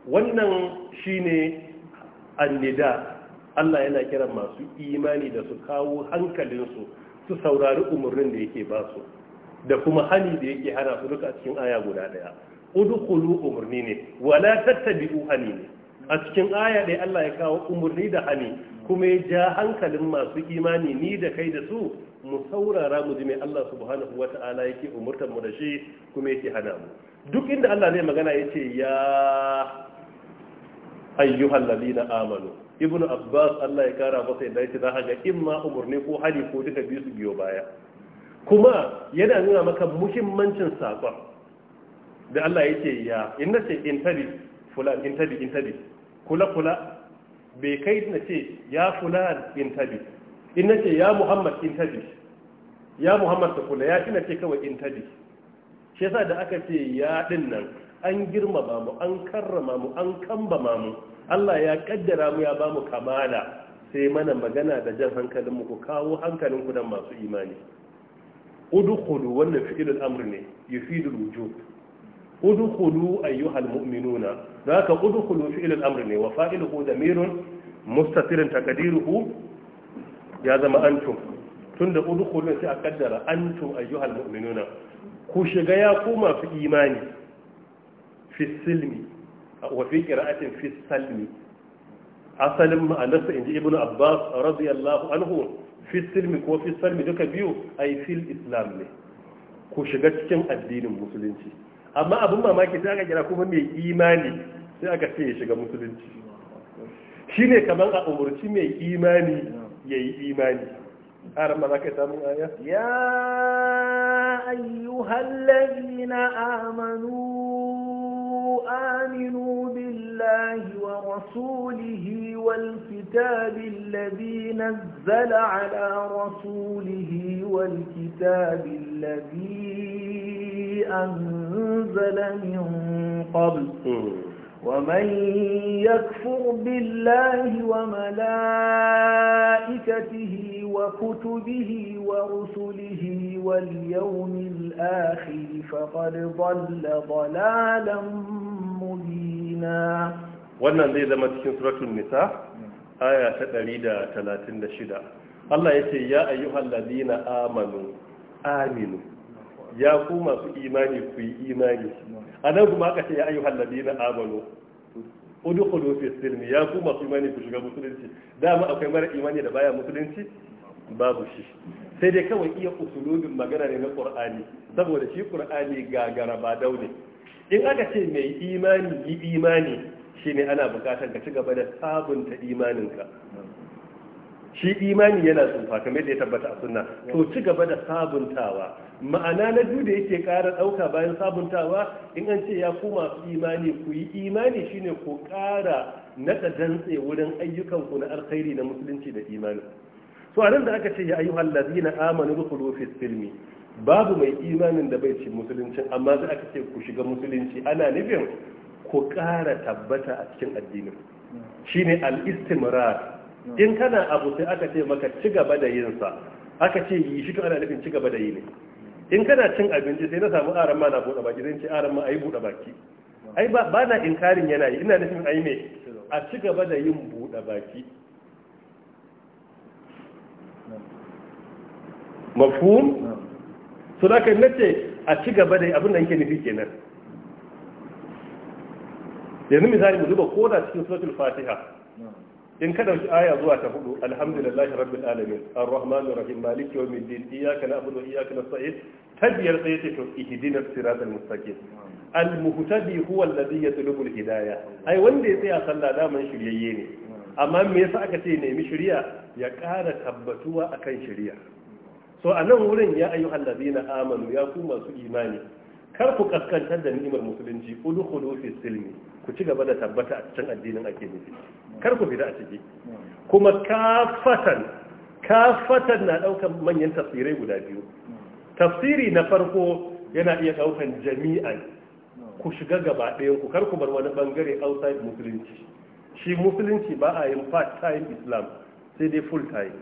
wannan shine annida Allah yana kiran masu imani da su kawo hankalinsu su saurari umarnin da yake ba su da kuma hani da yake hana su duka cikin aya guda daya udkhulu umarni ne wala tattabi'u hani ne a cikin aya dai Allah ya kawo umarni da hani kuma ya ja hankalin masu imani ni da kai da su mu saurara mu ji mai Allah subhanahu wata'ala yake umurtar mu da shi kuma yake hana mu duk inda Allah zai magana yace ya ayyuhal ladina amanu ibnu abbas Allah ya kara masa yadda yake za ka ga imma umurni ko hali ko duka biyu su biyo baya kuma yana nuna maka muhimmancin saƙon da Allah yake ya in na ce intabi fulan intabi intabi kula kula bai kai na ce ya fulan intabi in na ce ya muhammad intabi ya muhammad ta kula ya ina ce kawai intabi shi yasa da aka ce ya din nan an girmama mu an karrama mu an kambama mu Allah ya kaddara mu ya ba mu kamala sai mana magana da jan hankalin mu ku kawo hankalin ku dan masu imani udkhulu wannan fi'ilul Amri ne yufidul wujub udkhulu ayyuhal mu'minuna zaka udkhulu fi'ilul Amri ne wa fa'iluhu damirun mustatirun taqdiruhu ya zama antum tunda udkhulu sai a kaddara antum ayyuhal mu'minuna ku shiga ya koma fi imani fi silmi wa fi qira'atin fi salmi asalin ma'anarsa inji Ibn abbas radiyallahu anhu fi salmi ko fi salmi duka biyu ay fil islam ne ku shiga cikin addinin musulunci amma abin mamaki sai aka kira kuma mai imani sai aka ce ya shiga musulunci Shi ne kamar a umarci mai imani ya yi imani أعلم ماذا كتابه آية يا أيها الذين Amanu. آمنوا بالله ورسوله والكتاب الذي نزل على رسوله والكتاب الذي أنزل من قبل ومن يكفر بالله وملائكته وكتبه ورسله واليوم الآخر فقد ضل ضلالا مبينا wannan zai zama cikin suratul nisa aya ta 136 Allah yace ya ayyuhal ladina amanu aminu ya ku masu imani ku yi imani a nan kuma aka ce ya na ladina amanu kudu fi silmi ya ku masu imani ku shiga musulunci dama akwai mara imani da baya musulunci babu shi sai dai kawai iya usulubin magana ne na qur'ani saboda shi qur'ani gagara ba daune in aka ce mai imani yi imani shi ne ana bukatar ka ci gaba da sabunta imaninka shi imani yana tsufa kamar da ya tabbata a sunna to ci gaba da sabuntawa ma'ana na biyu da yake ƙara ɗauka bayan sabuntawa in an ce ya ku masu imani ku yi imani shine ku ƙara naɗa dantse wurin ayyukanku na alkhairi na musulunci da imani To a da aka ce ya ayyuhal ladina amanu dukhulu fi silmi babu mai imanin da bai ci musulunci amma a aka ce ku shiga musulunci ana nufin ku ƙara tabbata a cikin addinin shine al-istimrar in kana abu sai aka ce maka ci gaba da yin sa aka ce yi shi to ana nufin ci gaba da yi ne in kana cin abinci sai na samu aran ma na buɗe baki zan ce aran ma ayi buɗe baki ai ba na inkarin yana yi ina nufin ai me a ci gaba da yin buɗe baki mafhum to da kai nace a ci gaba da abin da yake nufi kenan yanzu misali mu duba koda cikin suratul fatiha in ka ɗauki aya zuwa ta hudu alhamdulillahi rabbil alamin arrahmanir rahim maliki yawmiddin iyyaka na'budu wa iyyaka nasta'in tabiyar sai ce to ihdinas siratal mustaqim almuhtadi huwa alladhi yatlubul hidayah ai wanda ya tsaya sallah daman shiryayye ne amma me yasa aka ce nemi shiriya ya ƙara tabbatuwa akan shiriya so a nan wurin ya ayyuhallazina amanu ya ku masu imani kar ku kaskantar da ni'imar musulunci kudu fi silmi ku ci gaba da tabbata a cikin addinin ake nufi kar ku fita a ciki kuma kafatan kafatan na daukan manyan tafsirai guda biyu tafsiri na farko yana iya daukan jami'an ku shiga gaba ɗayan ku kar ku bar wani bangare outside musulunci shi musulunci ba a yin part time islam sai dai full time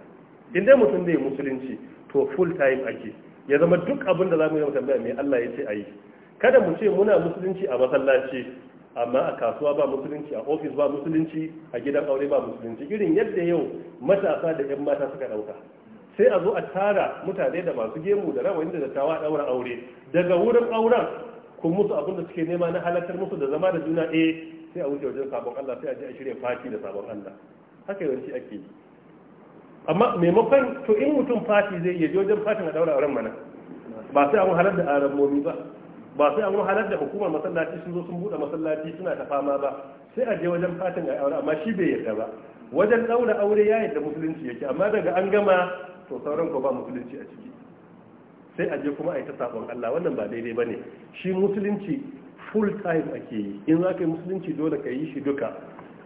in dai mutum zai musulunci to full time ake ya zama duk abin da za mu yi wa tambaya mai Allah ya ce a yi kada mu ce muna musulunci a masallaci amma a kasuwa ba musulunci a ofis ba musulunci a gidan aure ba musulunci irin yadda yau matasa da yan mata suka dauka sai a zo a tara mutane da masu gemu da rawayin da dattawa daura aure daga wurin auren ku musu abin da suke nema na halartar musu da zama da juna eh sai a wuce wajen sabon Allah sai a je a shirya fati da sabon Allah haka yawanci ake yi amma maimakon to in mutum fati zai iya wajen fatin a daura auren mana ba sai an halar da aramomi ba ba sai an halar da hukumar masallaci sun zo sun bude masallaci suna ta fama ba sai a je wajen fatin a aure amma shi bai yarda ba wajen daura aure ya yarda musulunci yake amma daga an gama to sauran ko ba musulunci a ciki sai a je kuma a yi ta sabon Allah wannan ba daidai bane shi musulunci full time ake yi in za ka yi musulunci dole ka yi shi duka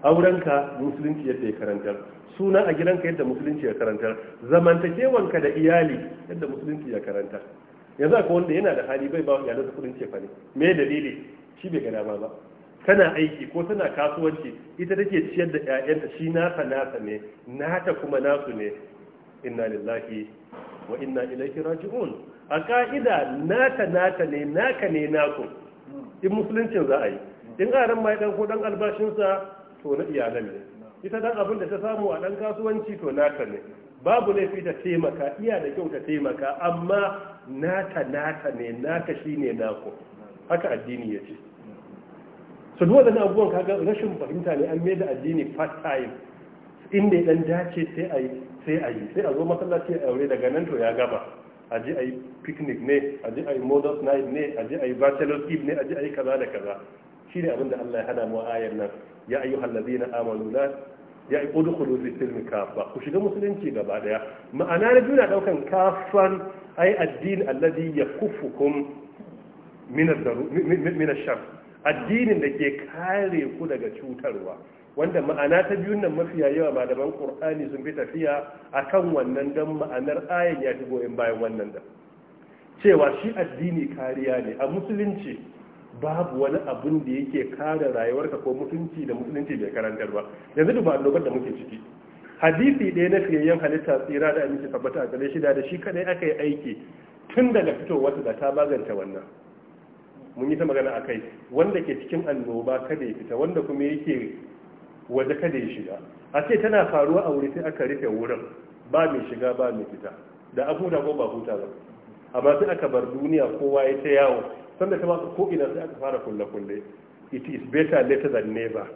aurenka musulunci yadda ya karantar suna a gidanka yadda musulunci ya karantar zamantakewanka da iyali yadda musulunci ya karantar yanzu akwai wanda yana da hali bai ba wa iyalansa kudin cefa ne me dalili shi bai gada dama ba tana aiki ko tana kasuwanci ita take ciyar da ƴaƴanta shi nasa nasa ne nata kuma nasu ne inna lillahi wa inna ilaihi raji'un a ka'ida nata nata ne naka ne naku in musuluncin za a yi in aran mai dan ko dan albashinsa to na iyalan ne ita dan abin da ta samu a dan kasuwanci to nata ne babu laifi ta taimaka iya da kyau ta taimaka amma nata nata ne naka shine nako haka addini ya ce su duwa da abubuwan kaga rashin fahimta ne an mai da addini part time inda dan dace sai a sai a sai a zo masallaci a aure daga nan to ya gaba a je a yi picnic ne a je a yi modern night ne a je a yi bachelor's eve ne a je a yi kaza da kaza shi ne abin da Allah ya hana mu ayar nan ya ayyuhal ladina amanu la ya silmi kafa ku shiga musulunci gaba daya ma'ana na juna daukan kafan ay addin alladhi ya min min ash-shar addinin da ke kare ku daga cutarwa wanda ma'ana ta biyun nan mafiya yawa malaman qur'ani sun fi tafiya akan wannan dan ma'anar ayan ya fi goyon bayan wannan da cewa shi addini kariya ne a musulunci babu wani abin da yake kare rayuwarka ko mutunci da mutunci bai karantar ba yanzu duba annobar da muke ciki hadisi ɗaya na fiyayyen halitta tsira da aminci tabbata a gare shi da shi kadai aka yi aiki tun daga fitowar da ta magance wannan mun yi ta magana a kai wanda ke cikin annoba kada ya fita wanda kuma yake waje kada ya shiga a ce tana faruwa a wuri sai aka rufe wurin ba mai shiga ba mai fita da abu da ko ba huta ba amma sai aka bar duniya kowa ya ta yawo sanda ta ko ko'ina sai aka fara kulle-kulle it is better later than never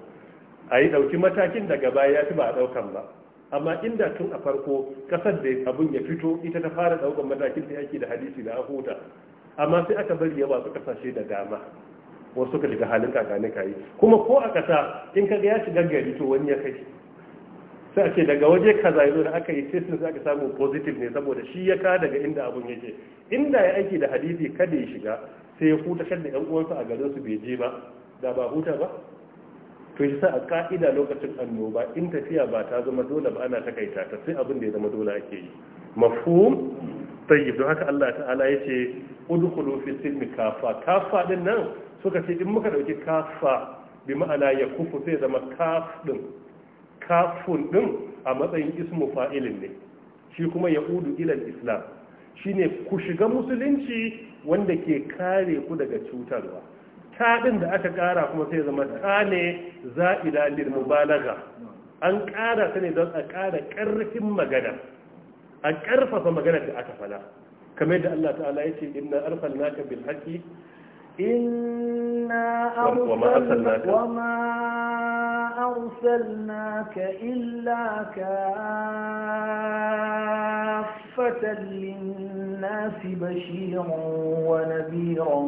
a yi ɗauki matakin daga baya ya fi ba a ɗaukan ba amma inda tun a farko ƙasar da abun ya fito ita ta fara ɗaukan matakin da yake da hadisi da ahuta amma sai aka bari yawa su kasashe da dama wasu ka shiga halin ka yi. kuma ko a ƙasa in kaga ya shiga gari to wani ya kai sai ce daga waje kaza yanzu da aka yi testin sai aka samu positive ne saboda shi ya ka daga inda abun yake inda ya aiki da hadisi kada ya shiga sai ya huta da 'yan uwansa a garin su bai je ba da ba huta ba to sa a ka'ida lokacin annoba in tafiya ba ta zama dole ba ana takaita ta sai abin da ya zama dole ake yi mafhum tayyib don haka Allah ta'ala yace udkhulu fi silmi kafa kafa din nan suka ce in muka dauki kafa bi ma'ana ya kufu sai zama kaf din kafun din a matsayin ismu fa'ilin ne shi kuma ya udu ilal islam shine ku shiga musulunci wanda ke kare ku daga cutarwa ta da aka ƙara kuma sai zama ta ne za'ida lil mubalaga an ƙara ta ne don a ƙara ƙarfin magana a ƙarfafa magana da aka fada kamar yadda Allah ta'ala ya ce inna arsalnaka bil haqi inna arsalnaka wama أرسلناك إلا كافة للناس بشيرا ونذيرا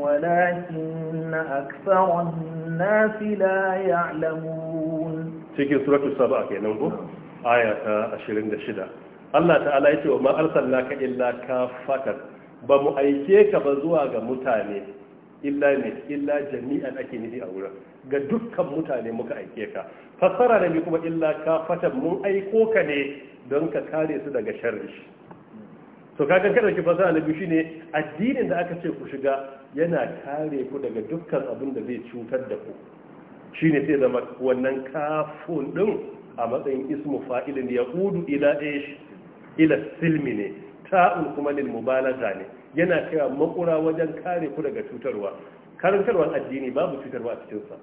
ولكن أكثر الناس لا يعلمون cikin suratul saba kenan ko aya ta 26 Allah ta'ala yace wa ma arsalnaka illa kafatan ba mu aike ka ba zuwa ga mutane illa ne illa jami'an ake nufi a wurin ga dukkan mutane muka aike ka fassara ne kuma illa ka fata mun aiko ka ne don ka kare su daga sharri to kakan kada ki fassara na biyu ne addinin da aka ce ku shiga yana kare ku daga dukkan abin da zai cutar da ku shine sai zama wannan kafun din a matsayin ismu fa'ilin ya hudu ila ish ila silmi ne ta'un kuma lil mubalaga ne yana kaiwa makura wajen kare ku daga cutarwa karantarwar addini babu cutarwa a cikinsa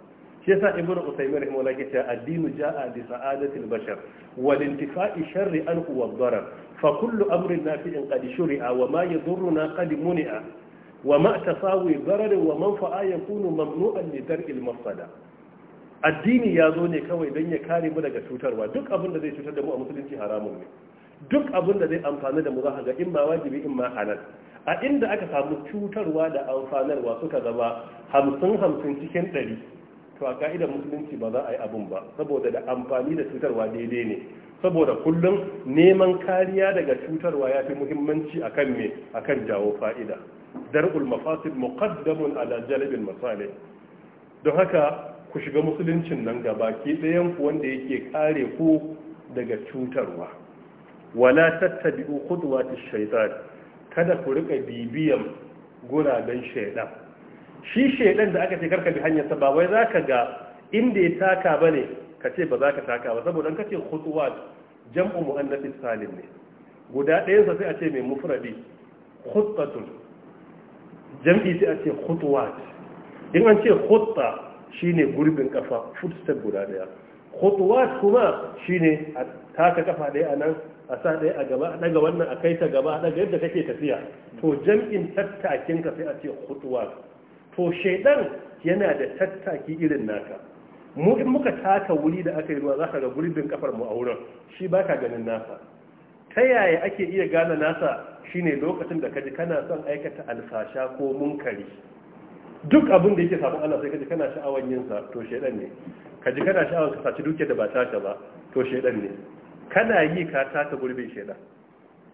shi yasa ibnu usaymin rahimahullah yake cewa addinu jaa bi sa'adatil bashar wal intifa'i sharri anhu wad darar fa kullu amrin nafi'in qad shuri'a wa ma yadurruna qad muni'a wa ma tasawi darar wa manfa'a yakunu mamnu'an li dar'il mafsada addini ya zo ne kawai don ya kare mu daga cutarwa duk abin da zai cutar da mu a musulunci haramun ne duk abin da zai amfani da mu za ga in ma wajibi in ma halal a inda aka samu cutarwa da amfanarwa suka zama hamsin hamsin cikin ɗari to a ka'idar musulunci ba za a yi abun ba saboda da amfani da cutarwa daidai ne saboda kullum neman kariya daga cutarwa ya fi muhimmanci akan me akan jawo fa'ida dar ulmafasid muqaddamun ala jalibin musalai. don haka ku shiga musuluncin nan gaba ke ɗayan ku wanda yake kare ku daga cutarwa wala tattabi'u khudwatish shaytan kada ku rika bibiyan guraben shaidan shi shaidan da aka ce karka bi hanyar sa, ba wai zaka ga inda ya taka bane ka ce ba za ka taka ba saboda an kace khutuwat jam'u muannath salim ne guda ɗayan sa sai a ce mai mufradi khuttatun jam'i sai a ce khutuwat in an ce khutta shine gurbin kafa footstep guda daya khutuwat kuma shine a taka kafa ɗaya a nan a sa ɗaya a gaba a ɗaga wannan a kai ta gaba a ɗaga yadda kake tafiya to jam'in tattakin ka sai a ce khutuwat to shedan yana da tattaki irin naka mu in muka taka wuri da aka yi ruwa za ka ga gurbin kafar mu a wurin shi baka ganin nasa ta yaya ake iya gane nasa shine lokacin da kaji kana son aikata alfasha ko munkari duk abin da yake sabon Allah sai kaji kana sha'awar yinsa, to shaidan ne kaji kana sha'awar ka saci duke da ba taka ba to shaidan ne kana yi ka taka gurbin shaidan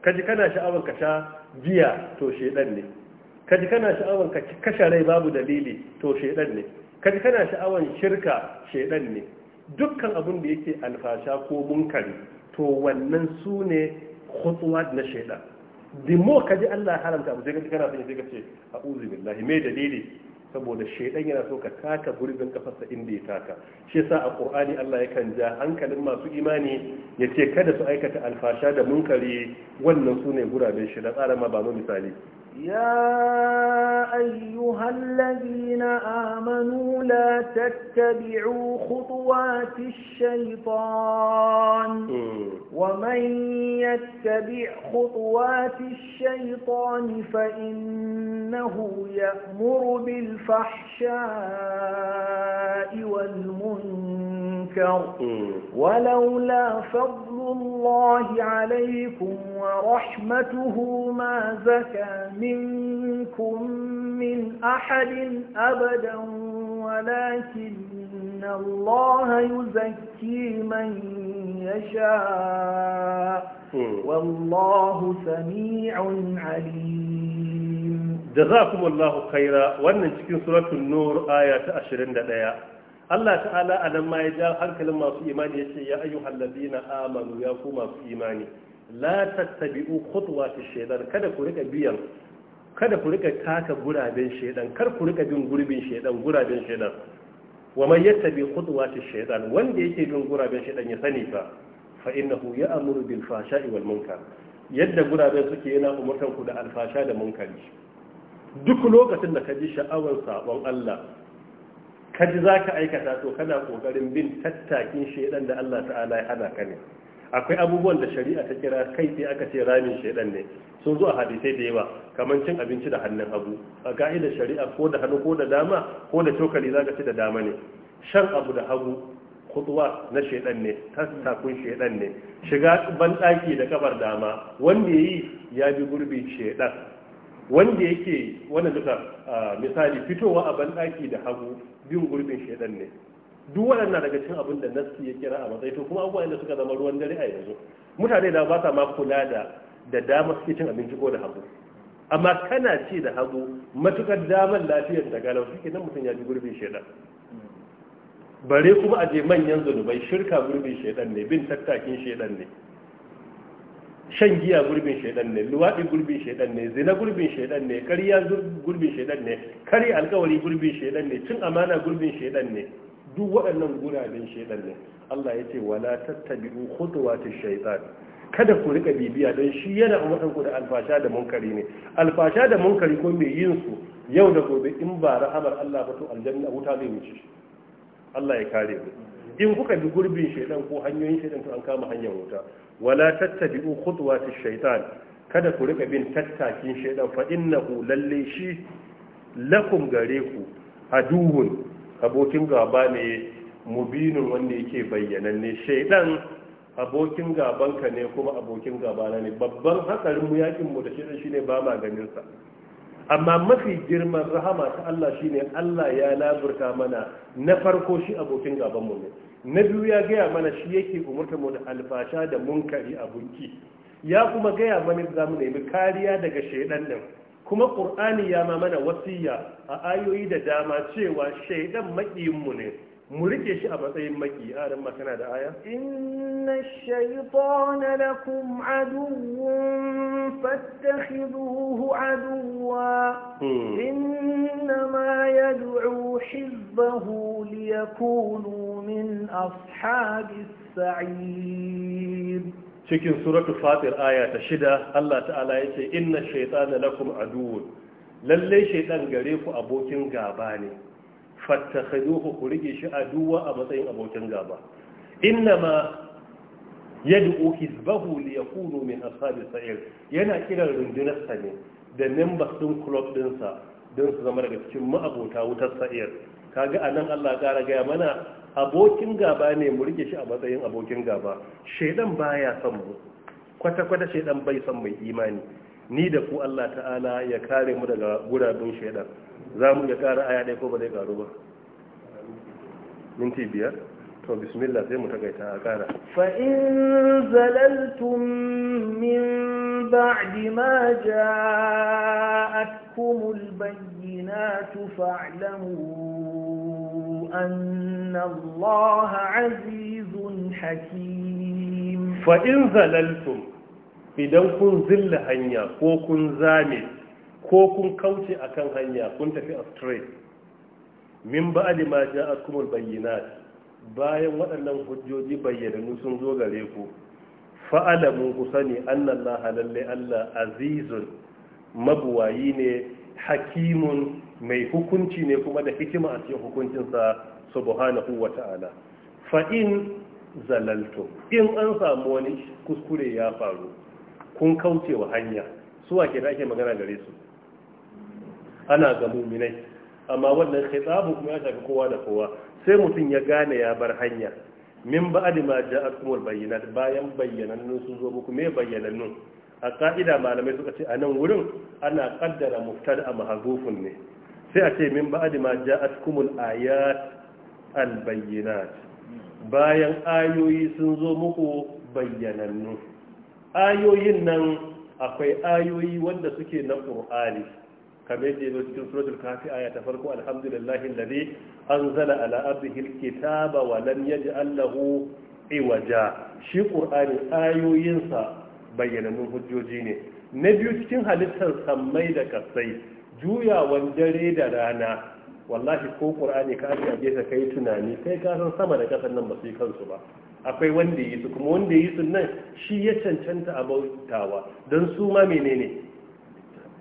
kaji kana sha'awar ka sha biya, to shaidan ne kaji kana sha'awar ka kashe rai babu dalili to shaidan ne kaji kana sha'awar shirka shaidan ne dukkan abin da yake alfasha ko munkari to wannan su ne khutuwa na shaidan dimo kaji Allah haramta abu sai kaji kana son sai kace a'udhu billahi me dalili saboda shaidan yana so ka taka gurbin kafarsa inda ya taka shi yasa a qur'ani Allah yakan ja hankalin masu imani yace kada su aikata alfasha da munkari wannan sune guraben shi da tsara ma ba mu misali يا أيها الذين آمنوا لا تتبعوا خطوات الشيطان ومن يتبع خطوات الشيطان فإنه يأمر بالفحشاء والمنكر ولولا فضل الله عليكم ورحمته ما زكى من منكم من أحد أبدا ولكن الله يزكي من يشاء والله سميع عليم جزاكم الله خيرا وانا cikin suratun nur aya ta ɗaya. Allah ta'ala a nan ma ya ja hankalin masu imani ya ce ya ayyu hallabina amanu ya ku masu imani la tattabi'u khutuwa ta kada ku rika biyan kada ku rika taka guraben shaidan kar ku rika bin gurbin shaidan guraben shaidan wa man yattabi khutuwati shaidan wanda yake bin guraben shaidan ya sani fa fa innahu ya'muru bil fahsha'i wal munkar yadda guraben suke yana umurtan ku da alfasha da munkari duk lokacin da ka ji sha'awar sabon Allah ka ji zaka aikata to kana kokarin bin tattakin shaidan da Allah ta'ala ya hada ka ne akwai abubuwan da shari'a ta kira kai sai aka ce ramin shaidan ne sun zo a hadisai da yawa kamar cin abinci da hannun hagu a ga'idar shari'a ko da hannu ko da dama ko da cokali zaka ce da dama ne shan abu da hagu kutuwa na shaidan ne takun shaidan ne shiga banɗaki da kabar dama wanda yayi ya bi gurbi shaidan wanda yake wani duka misali fitowa a banɗaki da hagu bin gurbin shaidan ne duk waɗannan daga cikin abin da nassi ya kira a matsayi to kuma abubuwan da suka zama ruwan dare a yanzu mutane da ba sa ma kula da da dama suke cin abinci ko da hagu amma kana ci da hagu matukar damar lafiyar da galau shi nan mutum ya ji gurbin shaidan bare kuma a je manyan zunubai shirka gurbin shaidan ne bin tattakin shaidan ne shan giya gurbin shaidan ne luwaɗi gurbin shaidan ne zina gurbin shaidan ne ƙarya gurbin shaidan ne kare alkawari gurbin shaidan ne cin amana gurbin shaidan ne duk waɗannan guraben shaidan ne Allah ya ce wala tattabi'u khutuwatish shaitan kada ku rika bibiya don shi yana umartan ku da alfasha da munkari ne alfasha da munkari ko mai yin su yau da gobe in ba rahamar Allah ba to aljanna wuta zai wuce Allah ya kare ku in kuka bi gurbin shaidan ko hanyoyin shaidan to an kama hanyar wuta wala tattabi'u khutuwatish shaitan kada ku rika bin tattakin shaidan fa innahu lalle shi lakum gare ku aduhun abokin gaba ne mubinin wanda yake bayyananne shaidan abokin gabanka ne kuma abokin gabana ne babban hatsarin mu yakin mu da shaidan shine ba ma ganin sa amma mafi girman rahama ta Allah shine Allah ya laburta mana na farko shi abokin gaban mu ne na biyu ya gaya mana shi yake umurta mu da alfasha da munkari abunki ya kuma gaya mana za mu nemi kariya daga shaidan din kuma ƙur'ani ya ma mana wasiya a ayoyi da dama cewa shaidan maƙiyinmu ne mu rike shi a matsayin maƙi a ran makana da aya inna shaytana lakum aduwwun fattakhidhuhu aduwwa inna ma yad'u hizbahu liyakunu min ashabis sa'id cikin suratul fatir aya ta shida Allah ta'ala ya ce inna shaytana lakum aduwwun lalle shaytan gare ku abokin gaba ne fattakhiduhu ku rike shi aduwa a matsayin abokin gaba inna ma yad'u hizbahu li yakunu min ashabi sa'ir yana kiran rundunar sa ne da members din club din sa don su zama daga cikin ma'abota wutar sa'ir kaga anan Allah ƙara gaya mana abokin gaba ne mu rike shi a matsayin abokin gaba shaidan baya son mu kwata-kwata shaidan bai son mai imani ni da ku Allah ta'ala ya kare mu daga gurabin shaidan za mu iya ƙara aya dai ko ba zai ƙaru ba minti biyar to bismillah sai mu takaita a kara Fa'in in zalaltum min ba'di ma ja'atkum albayyinatu fa'lamu anna Allah azizun hakim fa zalaltum idan kun zilla hanya ko kun zame ko kun kauce akan hanya kun tafi astray min ba'di ma ja'atkum albayyinatu bayan waɗannan hujjoji bayyana, sun zo gare ku fa'alamu ku sani na lalle Allah azizun mabuwayi ne hakimun mai hukunci ne kuma da hikima a cikin hukuncinsa subhanahu wa ta'ala fa'in zalalto in an samu wani kuskure ya faru kun kauce wa hanya suwa ke da ake magana gare su ana ga muminai amma wannan tsabu kuma ya shafi kowa da kowa sai mutum ya gane ya bar hanya min ja ma ja'akumul bayyinat bayan bayyanannun sun zo muku me bayyanannun a ka'ida malamai suka ce a nan wurin ana kaddara muftar a mahazufun ne sai a ce min ba'ad ma ja'atkumul ayat al bayyinat bayan ayoyi sun zo muku bayyanannu ayoyin nan akwai ayoyi wanda suke na ƙur'ani kame da yazo cikin suratul kafi aya ta farko alhamdulillahi an anzala ala abdihi alkitaba wa lam yaj'al Allah'u iwaja shi qur'ani ayoyinsa bayyanannun hujjoji ne na biyu cikin halittar sammai da kasai juyawan dare da rana wallahi ko ƙur'ani ka aka gefe kai tunani kai ka san sama da ƙasar nan ba su yi kansu ba akwai wanda yi su kuma wanda yi su nan shi ya cancanta a bautawa don su ma menene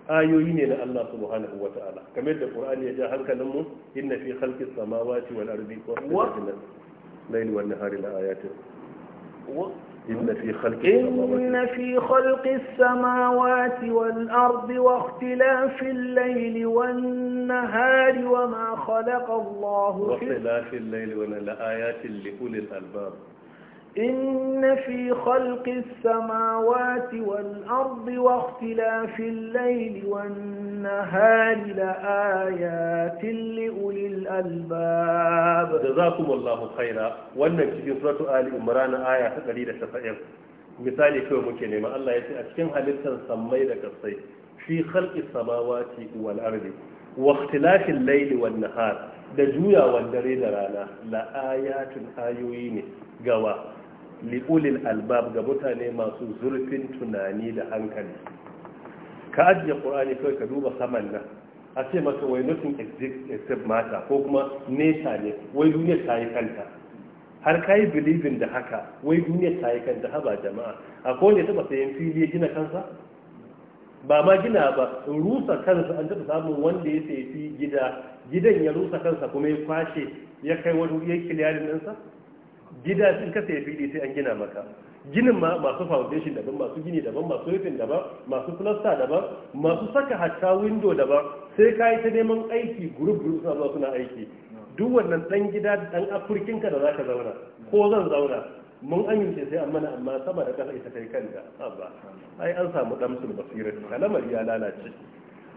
ayoyi ne na Allah subhanahu wa ta'ala kamar da Qur'ani ya ja hankalin mu inna fi khalqi samawati wal ardi wa layli wan nahari la ayatin inna inna fi fi khalqi khalqi samawati wal ardi إن في خلق إن في nahari wa ma khalaqa الليل والنهار ikhtilafi al-layli واختلاف la ayatin li ulil albab إن في خلق السماوات والأرض واختلاف الليل والنهار لآيات لأولي الألباب جزاكم الله خيرا وأنك في سورة آل عمران آية قليلة سفائل مثال كيف ممكن ما الله يسي أشكين هل لك الصيف في خلق السماوات والأرض واختلاف الليل والنهار دجوية والدريد رانا لآيات آيويني جواه li'ulil albab ga mutane masu zurfin tunani da hankali ka ajiye ƙur'ani kawai ka duba saman nan a ce masa wai nothing exists except mata ko kuma nesa ne wai duniya ta yi kanta har ka yi bilibin da haka wai duniya ta yi kanta haba jama'a a kowane taɓa sayan fili ya gina kansa ba ma gina ba rusa kansa an taba samun wanda ya sayi gida gidan ya rusa kansa kuma ya kwashe ya kai wani ya kiliyarin ɗansa gida sun kasa ya fili sai an gina maka ginin ma masu foundation daban masu gini daban masu rufin daban masu plaster daban masu saka hatta window daban sai ka yi ta neman aiki group group suna zuwa suna aiki duk wannan dan gida dan afirkinka da zaka zauna ko zan zauna mun amince sai an mana amma sama da kasa ita kai kanta abba ai an samu sun basira kalamar ya lalace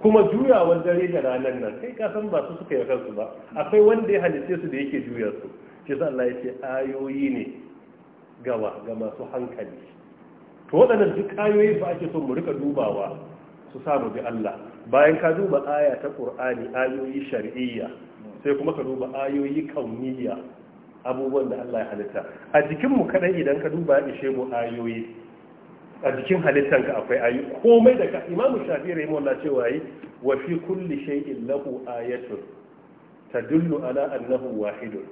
kuma juyawar dare da ranar nan kai ka san ba su suka yi kansu ba akwai wanda ya halitte su da yake juya su ke sa Allah ya ce ayoyi ne gaba ga masu hankali to waɗannan duk ayoyi ba ake son mu rika dubawa su samu bi Allah bayan ka duba aya ta Qur'ani ayoyi shar'iyya sai kuma ka duba ayoyi kauniyya abubuwan da Allah ya halitta a jikin mu kadan idan ka duba ishe mu ayoyi a jikin ka akwai ayoyi komai da Imam Shafi'i Allah cewa yi wa fi kulli shay'in lahu ayatun tadullu ala annahu wahidun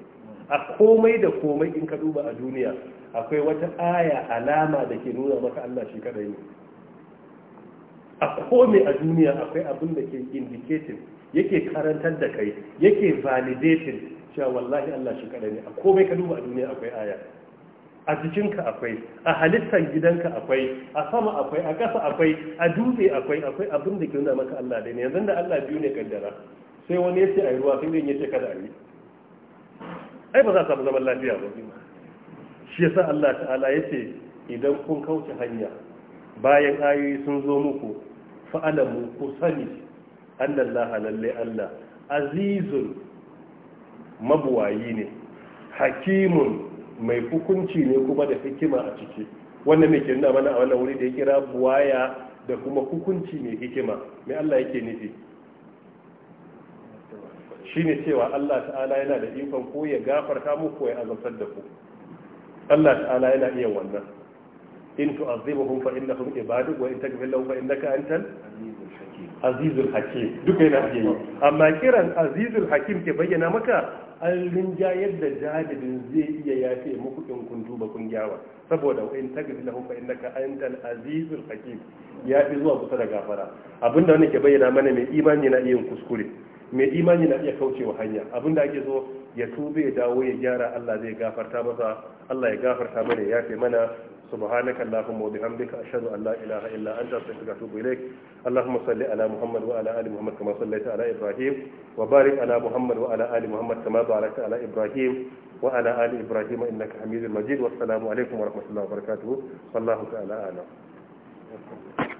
a komai da komai in ka duba a duniya akwai wata aya alama da ke nuna maka Allah shi kadai ne a komai a duniya akwai abin da ke indicating yake karantar da kai yake validating cewa wallahi Allah shi kadai ne a komai ka duba a duniya akwai aya a jikinka akwai a halittar gidanka akwai a sama akwai a ƙasa akwai a dutse akwai akwai abin da ke nuna maka Allah dai ne yanzu da Allah biyu ne kaddara sai wani ya ce a yi ruwa sai ya ce kada a yi ai ba za a samu zaman lafiya ba shi yasa Allah ta'ala ya ce idan kun kauce hanya bayan ayoyi sun zo muku fa'alamu ku sani annallaha lalle Allah azizun mabuwayi ne hakimun mai hukunci ne kuma da hikima a ciki wannan mai kirna mana a wannan wuri da ya kira buwaya da kuma hukunci mai hikima mai Allah yake nufi shine cewa Allah ta'ala yana da ikon ko ya gafarta ko ya azabtar da ku Allah ta'ala yana iya wannan in tu'azzibuhum fa innahum ibadu wa in taghfir lahum fa innaka antal azizul hakim duka yana iya yi amma kiran azizul hakim ke bayyana maka an rinjayar da jahilin zai iya yafe muku in kun duba kun gyawa saboda in tagfi lahum fa innaka antal azizul hakim ya fi zuwa kusa da gafara abinda wani ke bayyana mana mai imani na iya kuskure mai imani na iya kauce wa hanya abin da ake so ya tube ya dawo ya gyara Allah zai gafarta masa Allah ya gafarta mana ya fi mana subhanaka allahumma wa bihamdika ashhadu an la ilaha illa anta astaghfiruka wa atubu ilaik allahumma salli ala muhammad wa ala ali muhammad kama sallaita ala ibrahim wa barik ala muhammad wa ala ali muhammad kama barakta ala ibrahim wa ala ali ibrahim innaka hamidul majid wa assalamu alaikum wa rahmatullahi wa barakatuh sallallahu ta'ala ala